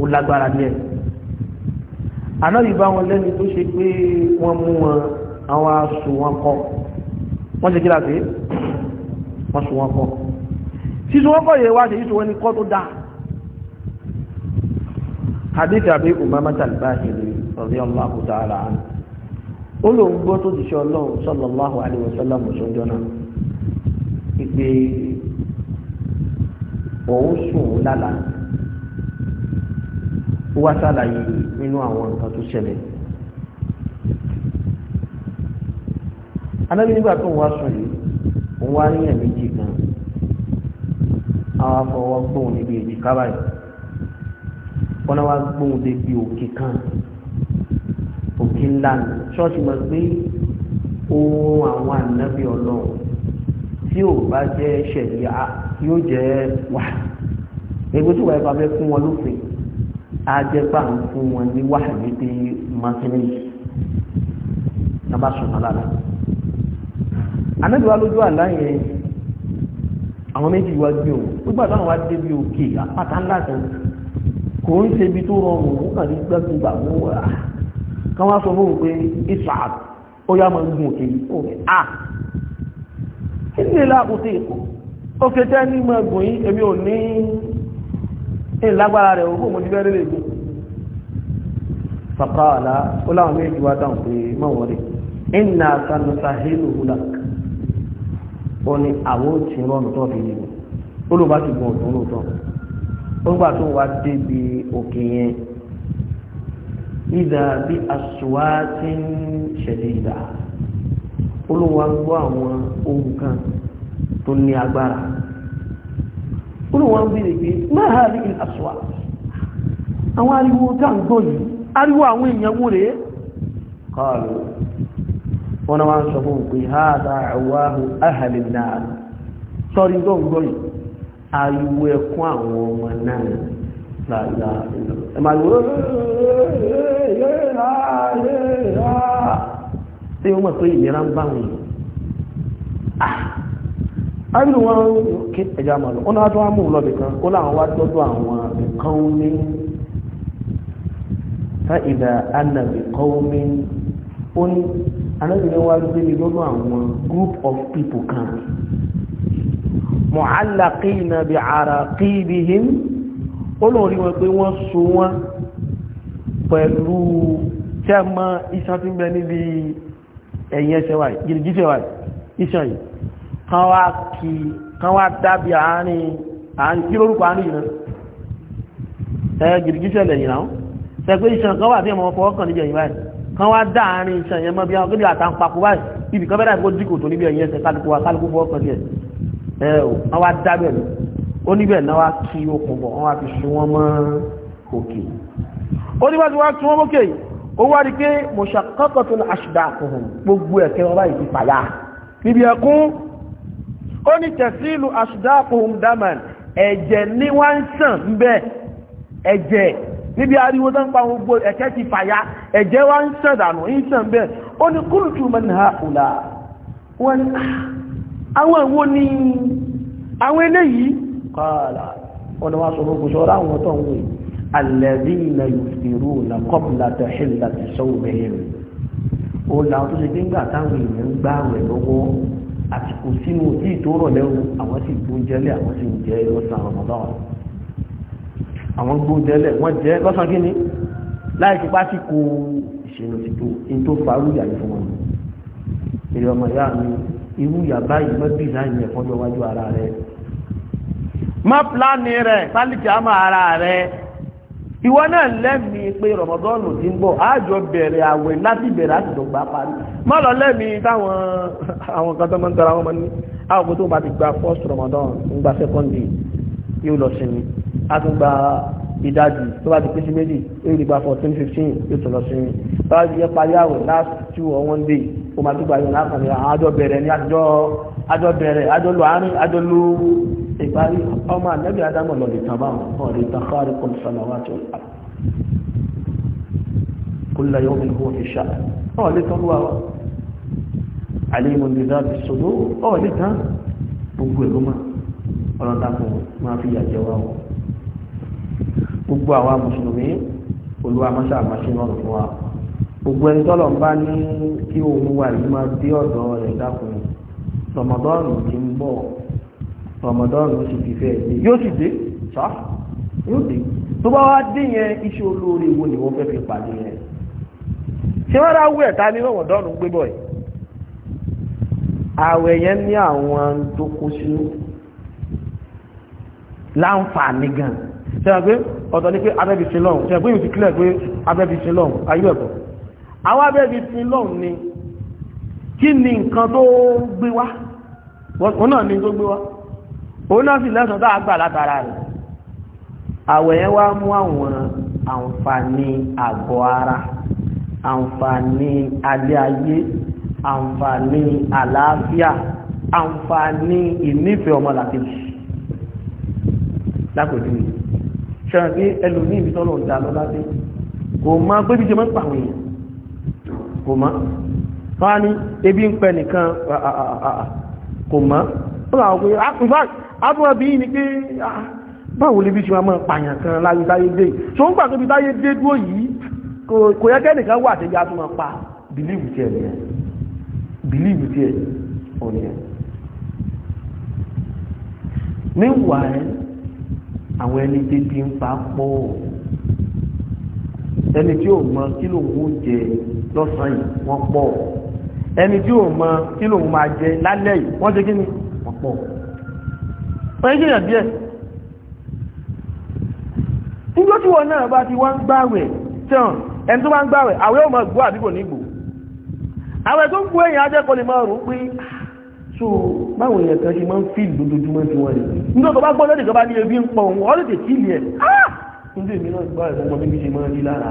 ó lágbára díẹ̀ ànábì bá wọn lẹ́ni tó ṣe pé wọ́n mú wọn àwọn aṣọ wọn kọ́ wọ́n ṣe kí láti wọ́n sọ wọn kọ́ sísun wọn kọ́ yẹ wá ṣe sísun wọn ni kọ́ tó dáa hadith abi umama talbahiri radiyallahu ta'ala an olóńgbó tó ti ṣe ọlọ́run sallallahu alayhi wa sallam ṣọjọ́ náà ìpè òun sùn lálàá ó wá ṣàlàyé nínú àwọn nǹkan tó ṣẹlẹ̀ anábì nígbà tó ń wá sùn yìí òun wá ríyàn méjì kan àwọn afọwọ́ gbóhùn níbi èjìká báyìí wọn náà wá gbóhùn débi òkè kan òkè ńlá ni ṣọ́ọ̀ṣì mọ̀ pé ohun àwọn ànábì ọlọ́run tí ò bá jẹ́ ṣẹ̀yà yóò jẹ́ wà ebi tí wàá fẹ́ fún wọn lófin á jẹ́ bá ń fún wọn ní wàhálì pé mọ́tínì nàbà sùn lára ànábì wa lójú àlá yẹn àwọn méjì wá gbé òun gbogbo àtàwọn wá débi òkè apáta ńlá kan kò ń ṣe ibi tó rọrùn ó kàn ní gbẹ́gbẹ́gbà mú wà kán wá sọ fún pé israel ó yá máa ń gun òkè yìí ó rẹ̀ à kí ni ìlà òkè èkó òkè tẹ́ ní máa gùn yìí èmi ò ní ìlágbára rẹ̀ òkú mo ti fẹ́ lè gùn fàkàlà ó láwọn méjì wá dáhùn pé mọ̀ wọ́n rẹ̀ ìnà sanusa hélò hulak ó ní àwọn ò tí rọrùn tó fi yìí olùbá ti gun òtún lóòótọ́ ó gbà tó wá débi òkè yẹn ìdá bí àṣùwá ti ń ṣẹ̀lẹ̀ ìdá olùwà gbọ́ àwọn ohun kan tó ní agbára olùwà ń bèèrè pé máa ní àwọn ariwo tá ń gbọ́ àwọn èèyàn wò rèé kọ́ọ̀lù wọn náà wá ń sọ fún ariwo ẹkún àwọn ọmọ náà láàrá ẹ máa wọ́n tí wọ́n mọ̀ pé ìnira ń bá wọn yìí ah! àbínú wọn kí ẹja máa lọ ọ́nà àtọ́ àmú lọ́bì kan ó láwọn wá tọ́jú àwọn nǹkan ní fa'ida annabi qawmi ó ní anábìnrin wá gbé ní lọ́nà àwọn group of people kan mu'allaqina bi araqibihim olórí wọn pé wọ́n so wọ́n pẹ̀lú tẹ́mọ́ iṣan tí ń bẹ níbi ẹ̀yìn ẹsẹ̀ wáyé gìrìgìsẹ̀ wáyé iṣan yìí kan wá kí kan wá dábì àárín àárín kí lórúkọ àárín yìí náà ẹ gìrìgìsẹ̀ lẹ̀yìn náà ṣe pé iṣan kan wà tí ẹ̀mọ́ fọwọ́ kàn níbi ẹ̀yìn báyìí kan wá dáàárín iṣan yẹn mọ́ bí wọn kí ni àtàǹpapọ̀ báyìí ibì kan bẹ́ẹ̀ dàbí kó dìkò tó níbi ẹ̀yìn ẹsẹ̀ kálukú wa kálukú ẹ o wọn wá dábẹ lọ ó níbẹ̀ náà wá kí okùn bọ̀ wọn wá fi sun wọn mọ́ òkè ó níbẹ̀ tí wọ́n tún wọn mọ́kè ó wá rí pé mushaqaqatul ashdaqhum gbogbo ẹ̀kẹ́ wọn báyìí ti fàyà níbi ẹkún ó ní tasilu ashdaqhum daman ẹ̀jẹ̀ ní wọ́n ń sàn ń bẹ́ ẹ̀jẹ̀ níbi ariwo tó ń pa gbogbo ẹ̀kẹ́ ti fàyà ẹ̀jẹ̀ wọ́n ń sàn dànù ń sàn bẹ́ẹ̀ ó ní kúrùtù man haula wọ́n ní ah, àwọn ìwò ni àwọn eléyìí kọ́ọ̀lá wọ́n wá sọ gbogbo sọ́rọ̀ àwọn tó ń wè alladhina yuftiruna qabla tahillati sawmihim ó làwọn tó ṣe gbígbà táwọn èèyàn ń gbá rẹ̀ lọ́wọ́ àsìkò sínú tí ìtòrò lẹ́rù ti pásìkò ìṣèlú ti tó ọmọ ìyá mi irú yàbá yìí mọ́bí láyìn ẹ̀fọ́jọ́ wájú ara rẹ̀ má pílánì rẹ̀ pálíkì àmà ara rẹ̀ ìwọ náà lẹ́mìí pé rọ̀mọdọ́nù ti ń bọ̀ àjọ bẹ̀rẹ̀ àwẹ̀ láti bẹ̀rẹ̀ láti dọ̀gba parí má lọ lẹ́mìí táwọn àwọn kan tó máa ń tọrọ àwọn ní àwọn tó bá ti gba first rọ̀mọdọ́nù ń gba second day yóò lọ sinmi á tún gba ìdájì tó bá ti pèsè méjì ó lè gba fourteen fifteen yóò tọ̀ lọ sí mi báwa ti yẹ parí àwẹ̀ last two or one day ó máa dúpọ̀ àyọ̀ láàkàn ní àwọn àjọ bẹ̀rẹ̀ ní àjọ àjọ bẹ̀rẹ̀ àjọ lu àárín àjọ lu ìparí ọmọ ànábì ádámọ̀ lọ lè tàn báwọn ọ̀ lè tàn káàrí kọ́ sàmàwá àti ọ̀la kúlẹ̀ yóò lè tàn wá wa alimun ọ̀ lè tàn gbogbo ẹ̀rọ máa gbogbo àwa mùsùlùmí olúwa máa ṣàmásí náà fún wa gbogbo ẹni tọ́lọ̀ ń bá ní kí òun wà yìí máa dé ọ̀dọ̀ rẹ̀ dákun rọmọdọ́ọ̀nù ti ń bọ̀ rọmọdọ́ọ̀nù sì ti fẹ́ dé yóò sì dé sá yóò dé tó bá wá dé yẹn iṣẹ́ olóore wo ni wọ́n fẹ́ fi pàdé yẹn ṣé wọ́n rá ẹ̀ta ní rọmọdọ́ọ̀nù gbé bọ̀ yìí àwẹ̀ yẹn ní àwọn tó kó sínú láǹfààní gan-an ṣẹ́gbé ọ̀tọ̀ ní pé abẹ́bí sí lọ́hùn ṣẹ́gbé yìí ti kílẹ̀ pé abẹ́bí sí lọ́hùn ayé ẹ̀kọ́ àwọn abẹ́bí sí lọ́hùn ni kí ni nǹkan tó gbé wá òun náà ni tó gbé wá òun náà sì lẹ́sàn tá a gbà látara rẹ̀ àwẹ̀ yẹn wá mú àwọn àǹfààní àgọ́ ara àǹfààní alẹ́ ayé àǹfààní àlàáfíà àǹfààní ìnífẹ̀ẹ́ ọmọlàkejì lápẹ̀jú ṣẹ̀rẹ̀ pé ẹlòmí ibi tọ́lọ̀ ń dalọ́ láti kò má gbé bí ṣe máa ń pàwọn èèyàn kò má wá ní ebi ń pẹ nìkan kò má ah, àtúwà bí ní pé ah, báwo lè bí ṣe máa pààyàn kan láyé táyé dé tó ń pàtó bí táyé dé dúró yìí kò àwọn ẹni bíbí ń pa pọ̀ ẹni tí ò mọ kí lòun ó jẹ lọ́sàn-án yìí wọ́n pọ̀ ẹni tí ò mọ kí lòun máa jẹ lálẹ́ yìí wọ́n ṣe kí ni wọ́n pọ̀ wọ́n yé èèyàn díẹ̀ nígbà tí wọn náà bá ti wá ń gbàwẹ̀ tán ẹni tó bá ń gbàwẹ̀ àwẹ̀ ò mọ̀ gbọ́ àbí kò ní gbò àwẹ̀ tó ń gbọ́ èèyàn ajẹ́kọ̀ọ́ lè máa rò ó pé so báwọn èèyàn kan ṣe máa ń fi lójoojúmọ́ tí wọ́n rí nígbà tó bá gbọ́ lọ́dẹ̀ ìjọba ní ebi ń pọ̀ òun ọ́lẹ̀ tètè ilé ẹ̀ ah! nígbà èmi náà gbọ́ ẹ̀rọ ọmọ bíbí ṣe máa ń rí lára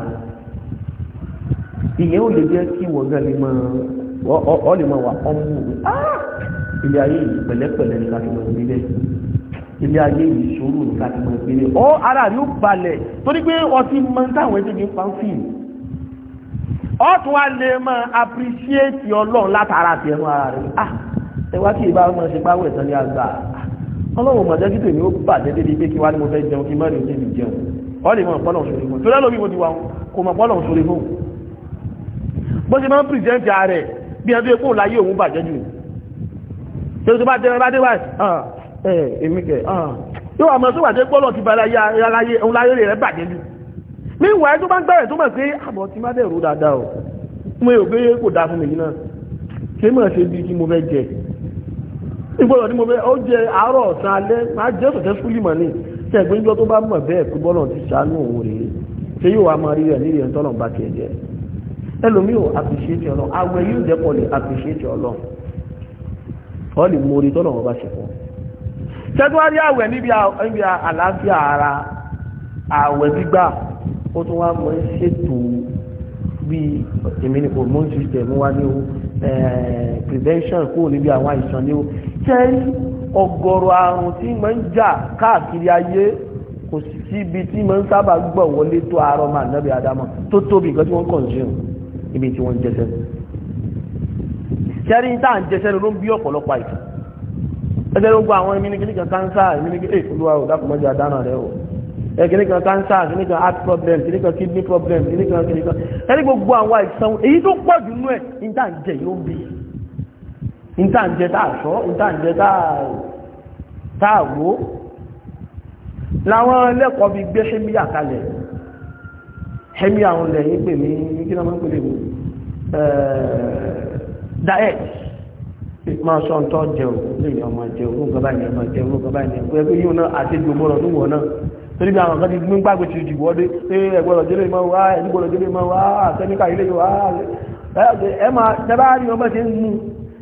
ìyẹn ò lè jẹ́ kí wọ̀gá lè máa ọ lè máa wà ọmọ ah! ilé ayé yìí pẹ̀lẹ́pẹ̀lẹ́ ní láti máa gbé bẹ́ẹ̀ ilé ayé yìí sùúrù ní láti máa gbé bẹ́ẹ̀ ọ ara rí ó balẹ̀ torí pé ọtí máa ń táwọn ẹgbẹ́ mi pa ń fìlì ọ tún wá lè máa appreciate ọlọ́run látara ti ẹnu ara rẹ̀ ah ẹwà kí ìbá ọmọ ṣe páwọ̀ ìtàn ní àgbà ọlọ́run mọ̀jẹ́ kí tèmi ó bàjẹ́ débi pé kí wá ní mo fẹ́ jẹun kí mọ́rin ní ìlú jẹun ọ lè mọ̀ pọ́lọ̀ ṣòro fún tó lẹ́lọ́bí mo ti wá kò mọ̀ pọ́lọ̀ ṣòro fún bó ṣe máa ń pìrìsẹ́ǹtì ààrẹ bí ẹbí epo láyé òun bàjẹ́ jù ṣe tó bá jẹ́ bá dé wáyé ah, èmi kẹ ah. yóò àmọ́ tó wà dé pọ́lọ̀ ti bala òun láyé rẹ̀ bàjẹ́ jù mí wà tó bá ń gbẹ̀rẹ̀ tó mọ̀ pé àbọ̀ ah, ti má dẹ̀ rú dáadáa o mo yóò gbé kò dáa fún mi ìgbọ́dọ̀ ní mo ó jẹ àárọ̀ ọ̀sán alẹ́ máa jẹ́ sọ̀tẹ́ fúlì mọ̀ ní tẹ̀gbọ́n ìjọ tó bá mọ̀ bẹ́ẹ̀ pé bọ́lọ̀ ti ṣàánú òun rèé ṣé yóò wá máa rí rẹ̀ nílẹ̀ tọ́lọ̀ bá tiẹ̀ jẹ́ ẹlòmíì ò appreciate ọlọ́run yóò jẹ́ lè fún wá rí àwẹ̀ ṣẹ́rí ọ̀gọ̀rọ̀ àrùn tí máa ń jà káàkiri ayé kò sì síbi tí máa ń sábà gbọ̀ wọlé tó àárọ̀ máa nẹ́bí adama tó tóbi nǹkan tí wọ́n kàn jẹun ibi tí wọ́n jẹ́sẹ̀ ṣẹ́rí tá à ń jẹ́sẹ̀ ló ń bí ọ̀pọ̀lọpọ̀ àìsàn ẹgbẹ́ ló gbọ́ àwọn ìmínigínì kan káńsà ìmínigínì èyí olúwa ò dákùnmọ́jà dáná rẹ̀ o kìní kan cancer kìní kan heart problem kìní kan kidney problem kìní kan kìní kan ẹni gbogbo àwọn àìsàn èyí tó pọ̀ jù nú ẹ̀ níta ń jẹ yóò bí i ìtàǹjẹ táàṣọ́ ìtàǹjẹ táàwó láwọn lẹ́kọ̀ọ́ bí gbé ṣẹ́míyà kalẹ̀ ṣẹ́míyà àwọn ilẹ̀ yìí pè ní kíná máa ń pè lè mú diet máa sọ ǹtọ́ jẹun lèyìn ọmọ jẹun ní ọgbà báyìí ọmọ jẹun ní ọgbà báyìí ọgbà ẹgbẹ́ yìí náà àti gbogbo ọ̀rọ̀ níwọ̀ náà torí bí àwọn kan ti gbín gbàgbé ti jìbọ́ dé pé ẹgbọ́rọ̀ jẹ́lẹ̀ máa wá ẹgbọ́rọ̀ jẹ́lẹ̀ máa wá àtẹ́míkà ilé yìí wá ẹ máa tẹ́bá rí ọmọ ti ń mú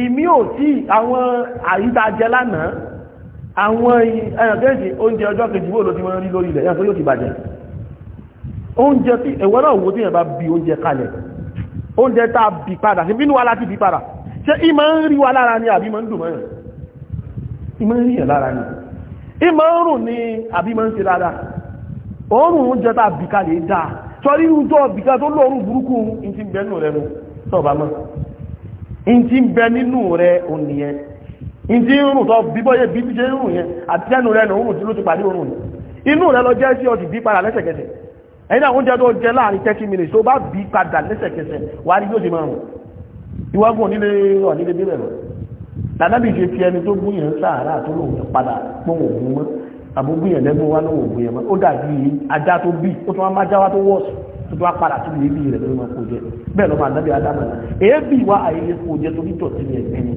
ìmí ò tí àwọn àyítajẹ lánàá àwọn ẹyàn kẹ́ẹ̀sì oúnjẹ ọjọ́ kejì wò ló ti wọ́n rí lórí ilẹ̀ yàtọ̀ yóò ti bàjẹ́ oúnjẹ tí ẹ̀wọ́n náà wo tí yẹn bá bí oúnjẹ kalẹ̀ oúnjẹ tá a bí padà sí bínú wa bí padà ṣé ìmọ̀ ń rí wa lára ni àbí máa ń dùn mọ́yàn ìmọ̀ ń rí yẹn lára ni ìmọ̀ ń rùn ni àbí máa ń ṣe lára òórùn oúnjẹ tá a bí kalẹ̀ dáa sọ rí oúnjẹ ọ̀bìkan tó lóorùn burúkú ní ti bẹ́ẹ̀ nù mọ́ ìntí ń bẹ nínú rẹ ònìyàn ìntí ń rùn tọ́ bíbọ́yẹ bí bí ṣe ń rùn yẹn àti ẹnu rẹ nù rùn tí ló ti pàdé òrùn inú rẹ lọ jẹ́ sí ọdì bí padà lẹ́sẹ̀kẹsẹ̀ ẹ̀yìn àwọn oúnjẹ tó jẹ láàrin 30 minutes tó bá bí padà lẹ́sẹ̀kẹsẹ̀ wà ní yóò ti máa rùn ìwọ́gùn ẹni tó wá padà tó lè bí rẹ̀ lórí ma kó jẹ bẹ́ẹ̀ lọ́mọ àdábì adámọ̀ náà èébì wá àyẹyẹ kó jẹ torí ìtọ̀tí rẹ̀ ẹni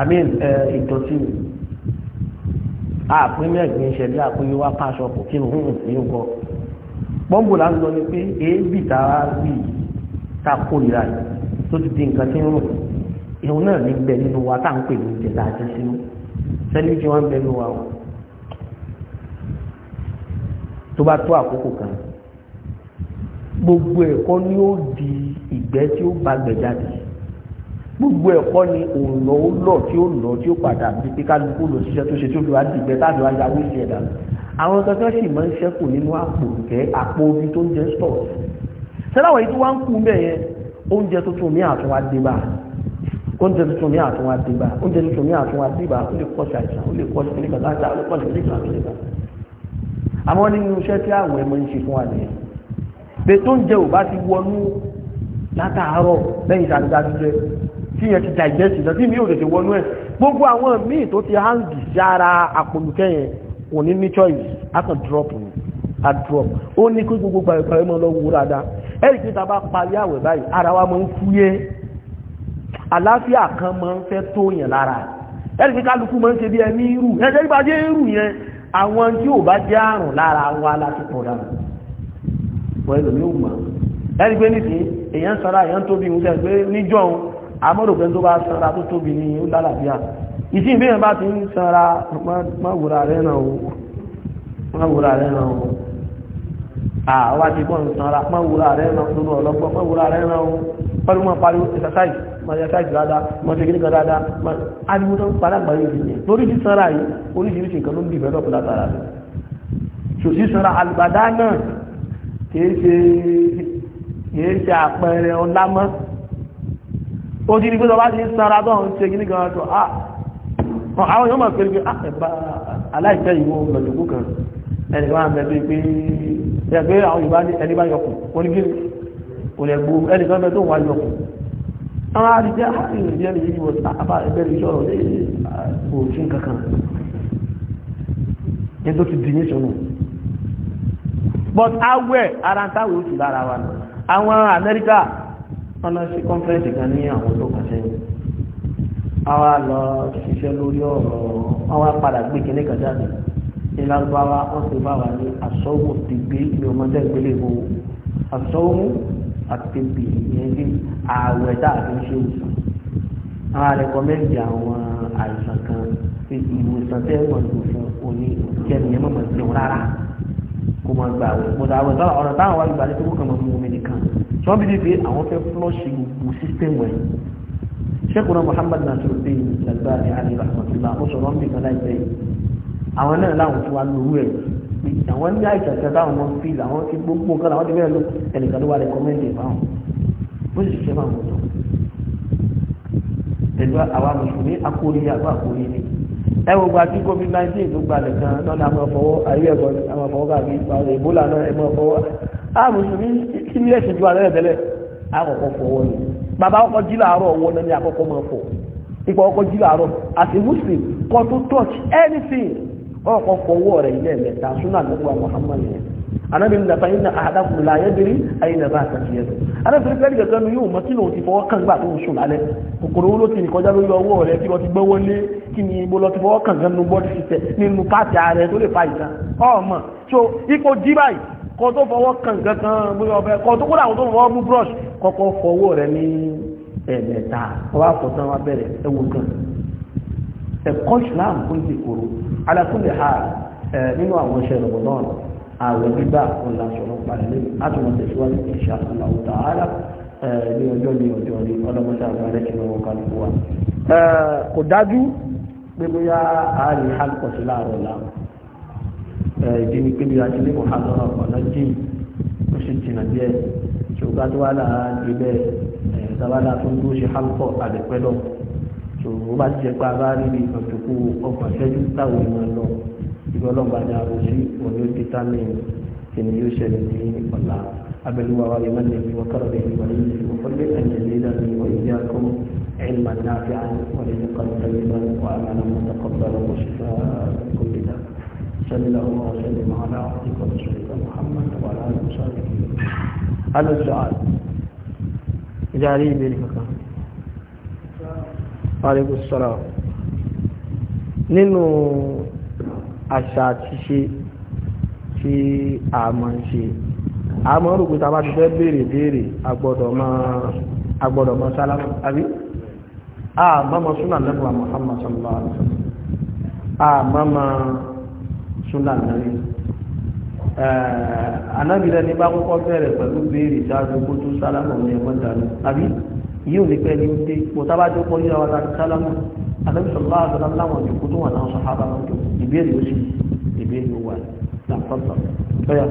àmì ìtọ̀tí rẹ̀ àpín mẹ́gbìn ṣẹ̀ bí àpín wá pàṣọ kò kí ni hùn ní ọkọ pọ́ǹbù là ń lọ ni pé èébì tá a rí ta kó ìlà tó ti di nǹkan tí ń rùn ìhun náà ní bẹ nínú wa tá à ń pè ní ìjẹta àti sínú sẹ́ni tí wọ́n ń bẹ nínú wa o tó bá tó àkókò kan gbogbo ẹ̀kọ́ ni ó di ìgbẹ́ tí ó bá gbẹ̀ jáde gbogbo ẹ̀kọ́ ni òǹlọ ó lọ tí ó lọ tí ó padà bí pé kálukú lọ ṣiṣẹ́ tó ṣe tí ó fi wá di ìgbẹ́ táàbí wá yàwó ìṣe ẹ̀dá àwọn kankan sì máa ń ṣẹ́kù nínú àpò ìgbẹ́ àpò omi tó ń jẹ́ stọ̀ sẹ́láwọ̀ yìí tó wá ń kú bẹ́ẹ̀ yẹn oúnjẹ tuntun mi àtún wá dé bá oúnjẹ tuntun mi àtún wá dé bá oúnjẹ tuntun mi àtún wá dé bá ó lè kọ́ sí àìsàn ó lè kọ́ sí kíníkà láti ó lè kọ́ sí kíníkà láti lè nínú iṣẹ́ tí àwọ̀ ẹ̀ máa ń ṣe fún wa nìyẹn pé tó ń jẹ ò bá ti wọnú látàárọ̀ lẹ́yìn ìdàgbà tí yẹn ti digest lọ tí mi ò lè ti wọnú ẹ̀ gbogbo àwọn míì tó ti hangi sí ara àpòlùkẹ́ yẹn kò ní ní choice a kàn drop ni a drop ó ní kí gbogbo gbàgbàgbà mọ́ lọ wúra dá ẹ̀rì pé ta bá parí àwẹ̀ báyìí ara wa máa ń fúyẹ́ àlàáfíà kan máa ń fẹ́ tó yẹn lára ẹ̀rì pé kálukú máa ń ṣe bí ẹni irú ẹ̀jẹ̀ ìbàjẹ́ irú yẹn àwọn tí ò bá jẹ́ àrùn lára wa láti pọ̀ wọ́n ẹlòmí ò mọ̀ ẹni pé ní sí èyàn sanra èyàn tóbi ìwúsẹ̀ pé níjọ́ òun amọ́dòpẹ́ tó bá sanra tó tóbi ní ó lálàáfíà ìsìn bí èyàn bá ti ń sanra má wùra rẹ̀ náà o má wùra rẹ̀ náà o àwa ti bọ́ ń sanra má wùra rẹ̀ náà tó lọ ọlọ́gbọ́n má wùra rẹ̀ náà o pẹ̀lú mọ́ pariwo exercise mọ́ exercise dáadáa mọ́ ṣe kíníkan dáadáa mọ́ ariwo tó ń padà gbàgbé ìdíyẹn lórí ti sanra yìí oríṣiríṣi nǹkan ló ń bì fẹ́ lọ́pọ̀ látara rẹ̀ sòsí sanra àlùbàdá náà kìí ṣe kìí ṣe àpẹẹrẹ ọlámọ́ ó ti rí pé ọba ti ń sanra tó ń ṣe kí nìkan tó à ah, àwọn èèyàn máa pèrè pé àpẹẹbà ah, aláìsẹ́ ìwò lọ́jọ́kú kan ẹni máa bẹ̀rẹ̀ pé ẹ pé àwọn Yorùbá ní ẹni bá yọkùn onígbìrì òlẹ̀gbò ẹni kan bẹ tó wà yọkùn àwọn àríjẹ́ àríyìn jẹ́ ní yíyí wọ́n àbá ẹgbẹ́rẹ̀ ìṣọ́rọ̀ ní òfin kankan ní ti dì ní ṣọ́nà but awẹ́ ara ń táwọn oṣù lára wa nù àwọn Amẹ́ríkà wọ́n lọ sí kọ́nfẹ́rẹ́nsì kan ní àwọn tó kàn sẹ́yìn àwa lọ ṣiṣẹ́ lórí ọ̀rọ̀ àwa padà gbé kíní kan jáde ìlànàbáwa wọ́n ti bá wa ní àsọ́wò ti gbé ilé ọmọdé ìgbélé ìbò àsọ́wò àti bì ní ààwẹ̀ tá a fi ń ṣe ìwòsàn àwa rẹ̀kọ́mẹ́ǹdì àwọn àìsàn kan ìwòsàn tẹ́ wọ́n fún òní ìjẹ́niyẹn mọ̀mọ́ jẹun rárá kó máa gba àwẹ̀ bọ́dà àwẹ̀ sáà ọ̀rọ̀ táwọn wá gbà lé pé kó kàn máa mú omi nìkan tí wọ́n bí di pé àwọn fẹ́ flọ́ọ̀ṣì gbogbo sísítẹ́mù ẹ̀ ṣẹ́kùnrin Muhammad Nasiruddin Al-Albani ali rahmatullah ó sọ̀rọ̀ ń bì kan láìpẹ́ yìí àwọn náà láwọn tí wàá lówó ẹ̀ àwọn ẹ wò gba tí covid nineteen tó gbalẹ̀ kan lọ́nà àmọ́ fọwọ́ ayé ẹ̀kọ́ àmọ́ fọwọ́ bàbí ìpàdé ebola náà ẹ̀ mọ́ fọwọ́ a mùsùlùmí kí ni ẹ̀sìn ju àlẹ́ tẹ́lẹ̀ àkọ́kọ́ fọwọ́ ni bàbá ọkọ̀ jí làárọ̀ wọn náà ni àkọ́kọ́ máa fọ̀ ipò ọkọ̀ jí làárọ̀ as a muslim kọ́ tó touch anything ọkọ̀ fọwọ́ rẹ̀ ilé ẹ̀mẹ́ta súnà lọ́wọ́ Muhammad yẹn anábìrin nàfà yìí na àdákùn láyé bírí ayé nàbà àtàkì ẹ̀dọ̀ anábìrin fẹ́ẹ́ gẹ̀gẹ́ nu yóò mọ kí lòun ti fọwọ́ kàn gbà tó ń sùn lálẹ́ kòkòrò owó ló ti nìkan já lórí ọwọ́ rẹ kí wọ́n ti gbọ́wọ́ lé kí ni ibo lọ ti fọwọ́ kàn gan nu bọ́dí ti tẹ̀ nínú pàtì ààrẹ tó lè fa ìta ọmọ so ipò jí báyìí kọ tó fọwọ́ kàn gangan bóyá ọbẹ̀ kọ tó kúrò àwọn tó fọwọ́ mú brush kọ́kọ́ fọwọ́ rẹ ní ẹ̀ẹ̀mẹta ọwọ́ àfọ̀tán wa bẹ̀rẹ̀ ẹwọ kan ẹ̀kọ́ ìsìláàmù kó ń ti kúrò alákùnlé ha nínú àwọn iṣẹ́ rọ̀bọ̀n náà ààwẹ̀ gbígbà ọ̀la sọ̀rọ̀ pàdé àtúmọ̀ tẹ̀síwájú insha Allah ta'ala ní ọjọ́ ní ọjọ́ ní ọlọ́mọṣẹ́ àgbàrẹ́ ti lọ́wọ́ kálukú wa. kò dájú pé bóyá àárín alùpọ̀ sí láàárọ̀ la ìdí ni pé bí a ti lé mọ̀hánà ọ̀nà jìn ó sì jìnà díẹ̀ ṣùgbọ́n adúwálà ti bẹ́ẹ̀ ìtawálà tó ń dúró ṣe alùpọ̀ àdìpẹ́ lọ ṣùgbọ́n bá ti jẹ́ pé a bá rí ibi ìtọ́jú ìlú ọlọ́gbà ni àrùn sí òní ó dìtà ní ìní yóò ṣẹlẹ̀ ní ọ̀la abẹ́lúwa wa lè mẹ́lẹ̀ ní wọ́kọ́rọ̀ bẹ́ẹ̀ ní wọ́n ní ìfọ́lẹ́ ẹ̀jẹ̀ léda ní ọ̀yẹ́ akọ́ علما نافعا ورزقا طيبا وعملا متقبلا وشفاء كل داء صلى الله وسلم على عبدك ورسولك محمد وعلى اله وصحبه هذا السؤال اذا لي بينك وعليكم السلام nínú àṣà àti ṣe tí a mọ̀ ń ṣe a mọ̀ rò pé ta bá ti fẹ́ béèrè béèrè agbọ́dọ̀ mọ́ sálámù àbí a mọ́mọ́ súnà lẹ́gbàá Muhammad sallallahu alaihi wasallam a mọ́mọ́ súnà lẹ́gbàá anábìlẹ̀ ní bá kọ́kọ́ bẹ̀rẹ̀ pẹ̀lú béèrè dáadọ́ kó tó sálámù ní ẹ̀mọ́ dànù àbí yíò ní pẹ́ ní pé mo tábájọ́ kọ́ yíra wa ta sálámù àlẹ́bíṣọ́ bá àgbàlá láwọn ìkú tó wà náà sọ̀hábà náà tó ìbéèrè ó sì ìbéèrè ó wà láàpọ̀tọ̀ lọ́yà.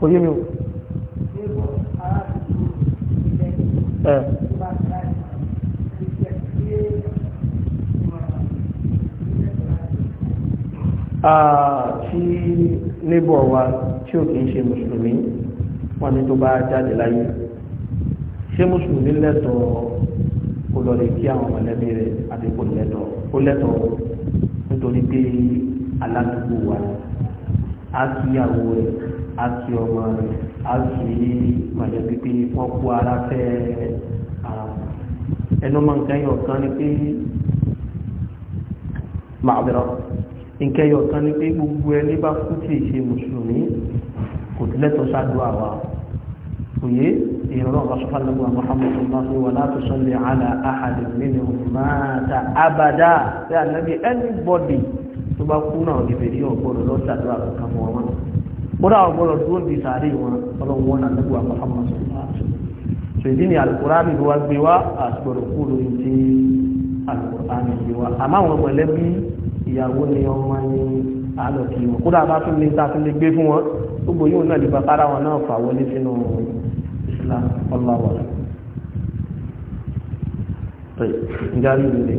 kò yé mi o. ẹ. Ah, tí níbọ̀ wa tí ò kìí ṣe mùsùlùmí wọ́n ní tó bá jáde láyé ṣé mùsùlùmí lẹ́tọ̀ọ́ kó lọ lè kí àwọn mọ̀lẹ́bí rẹ̀ àti kò lẹ́tọ̀ọ́ kó lẹ́tọ̀ọ́ nítorí pé aládùúgbò wa á kí ìyàwó rẹ̀ á kí ọmọ rẹ̀ á kí mọ̀lẹ́bí pé wọ́n kú ara fẹ́ ẹnu mọ̀ nǹkan yọ̀ kan ni pé màá bẹ̀rọ̀ nkẹ́ yọ kan ní pé gbogbo ẹni bá kú tí ì ṣe mùsùlùmí kò tí lẹ́tọ̀ ṣáájú àwa òye ìrọ̀rọ̀ ọ̀ṣọ́fà lọ́gbọ̀ Muhammad sallallahu alaihi wa láti sọ́lẹ̀ àlà àhàdì nínú máta abada pé ànábi anybody tó bá kú náà lè fèrè ọ̀gbọ́dọ̀ lọ ṣàdúrà kankan fún wọn kódà ọ̀gbọ́dọ̀ dúró di sàárè wọn ọlọ́wọ́ náà lọ́gbọ̀ Muhammad sallallahu alaihi sọ ìdí ni alukurani ló wá gbé wá àti gbọ́dọ̀ kú lóyún tí alukurani gbé wá àmọ́ àwọn mọ̀lẹ́bí ìyàwó ni ọmọ ni àlọ́kì wọn kódà bá tún lè ta tún lè gbé fún wọn gbogbo yóò náà lè bá kára wọn náà fà wọlé sínú Islam ọláwọ ìjárí ìlú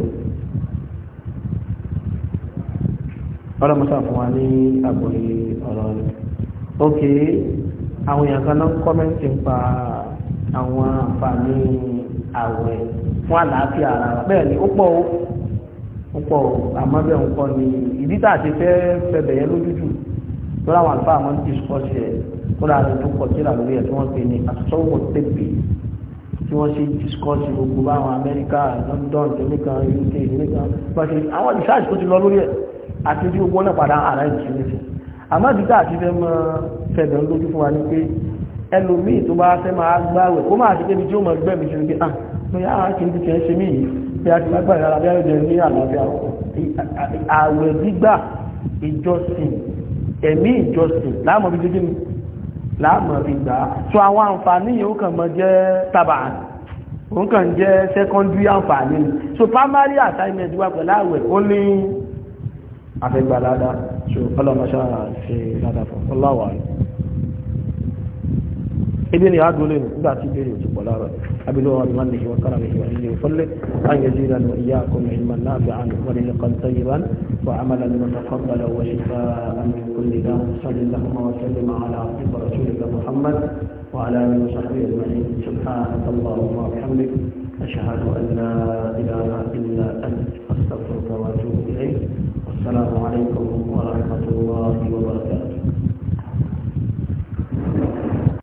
ọlọ́mọsá fún wa ní àgbòyí ọ̀rọ̀ rẹ̀ ok àwọn èèyàn kan náà kọ́mẹ́ǹtì ń pa àwọn àǹfààní àwẹ̀ fún àlàáfíà ara bẹ́ẹ̀ ni ó pọ̀ ó púpọ̀ àmọ́bẹ̀ nǹkan ni ìdí tà ti fẹ́ fẹ̀bẹ̀ yẹn lójújù tó láwọn àlùfáà àmọ́ ti sọ sí ẹ̀ kó dáa lè tó pọ̀ sí ìlànà lórí ẹ̀ tí wọ́n pè ní àtọ́wọ̀ tẹ̀pẹ̀ tí wọ́n ṣe discourse gbogbo báwọn Amẹ́ríkà London jamaica UK jamaica bàṣẹ àwọn research tó ti lọ lórí ẹ̀ àti bí gbogbo náà padà ara ẹ̀ ti lẹ́sẹ̀ àmọ́ ìdí tà ti fẹ́ mọ fẹ̀bẹ̀ lójú fún wa ni pé ẹlòmíì tó bá fẹ́ máa gbáwẹ̀ ó máa ṣe débi tí ó mọ gbẹ̀mí ṣe ní pé ah bí a ti lágbà ìlara bí a yóò ní àlàáfíà àwẹ̀ gbígbà ìjọsìn ẹ̀mí ìjọsìn láàmọ̀ bí jíjí ni láàmọ̀ bí gbà so àwọn àǹfààní yìí ó kàn mọ́ jẹ́ tàbà ó kàn jẹ́ secondary àǹfààní so primary assignment wà pẹ̀lú àwẹ̀ ó ní àfẹ́gbàládà so ọlọ́mọṣá ṣe ládàfọ́ ọláwàá إذن يعد لنا إذا تبيني وتبقى لارا أبلوها بمنه وكرمه وإنه وفله أن يزيدنا وإياكم علما نافعا ورزقا طيبا وعملا متقبلا وشفاء من كل داء صل اللهم وسلم على عبدك ورسولك محمد وعلى آله وصحبه أجمعين سبحانك اللهم وبحمدك أشهد أن لا إله إلا أنت أستغفرك وأتوب إليك والسلام عليكم ورحمة الله وبركاته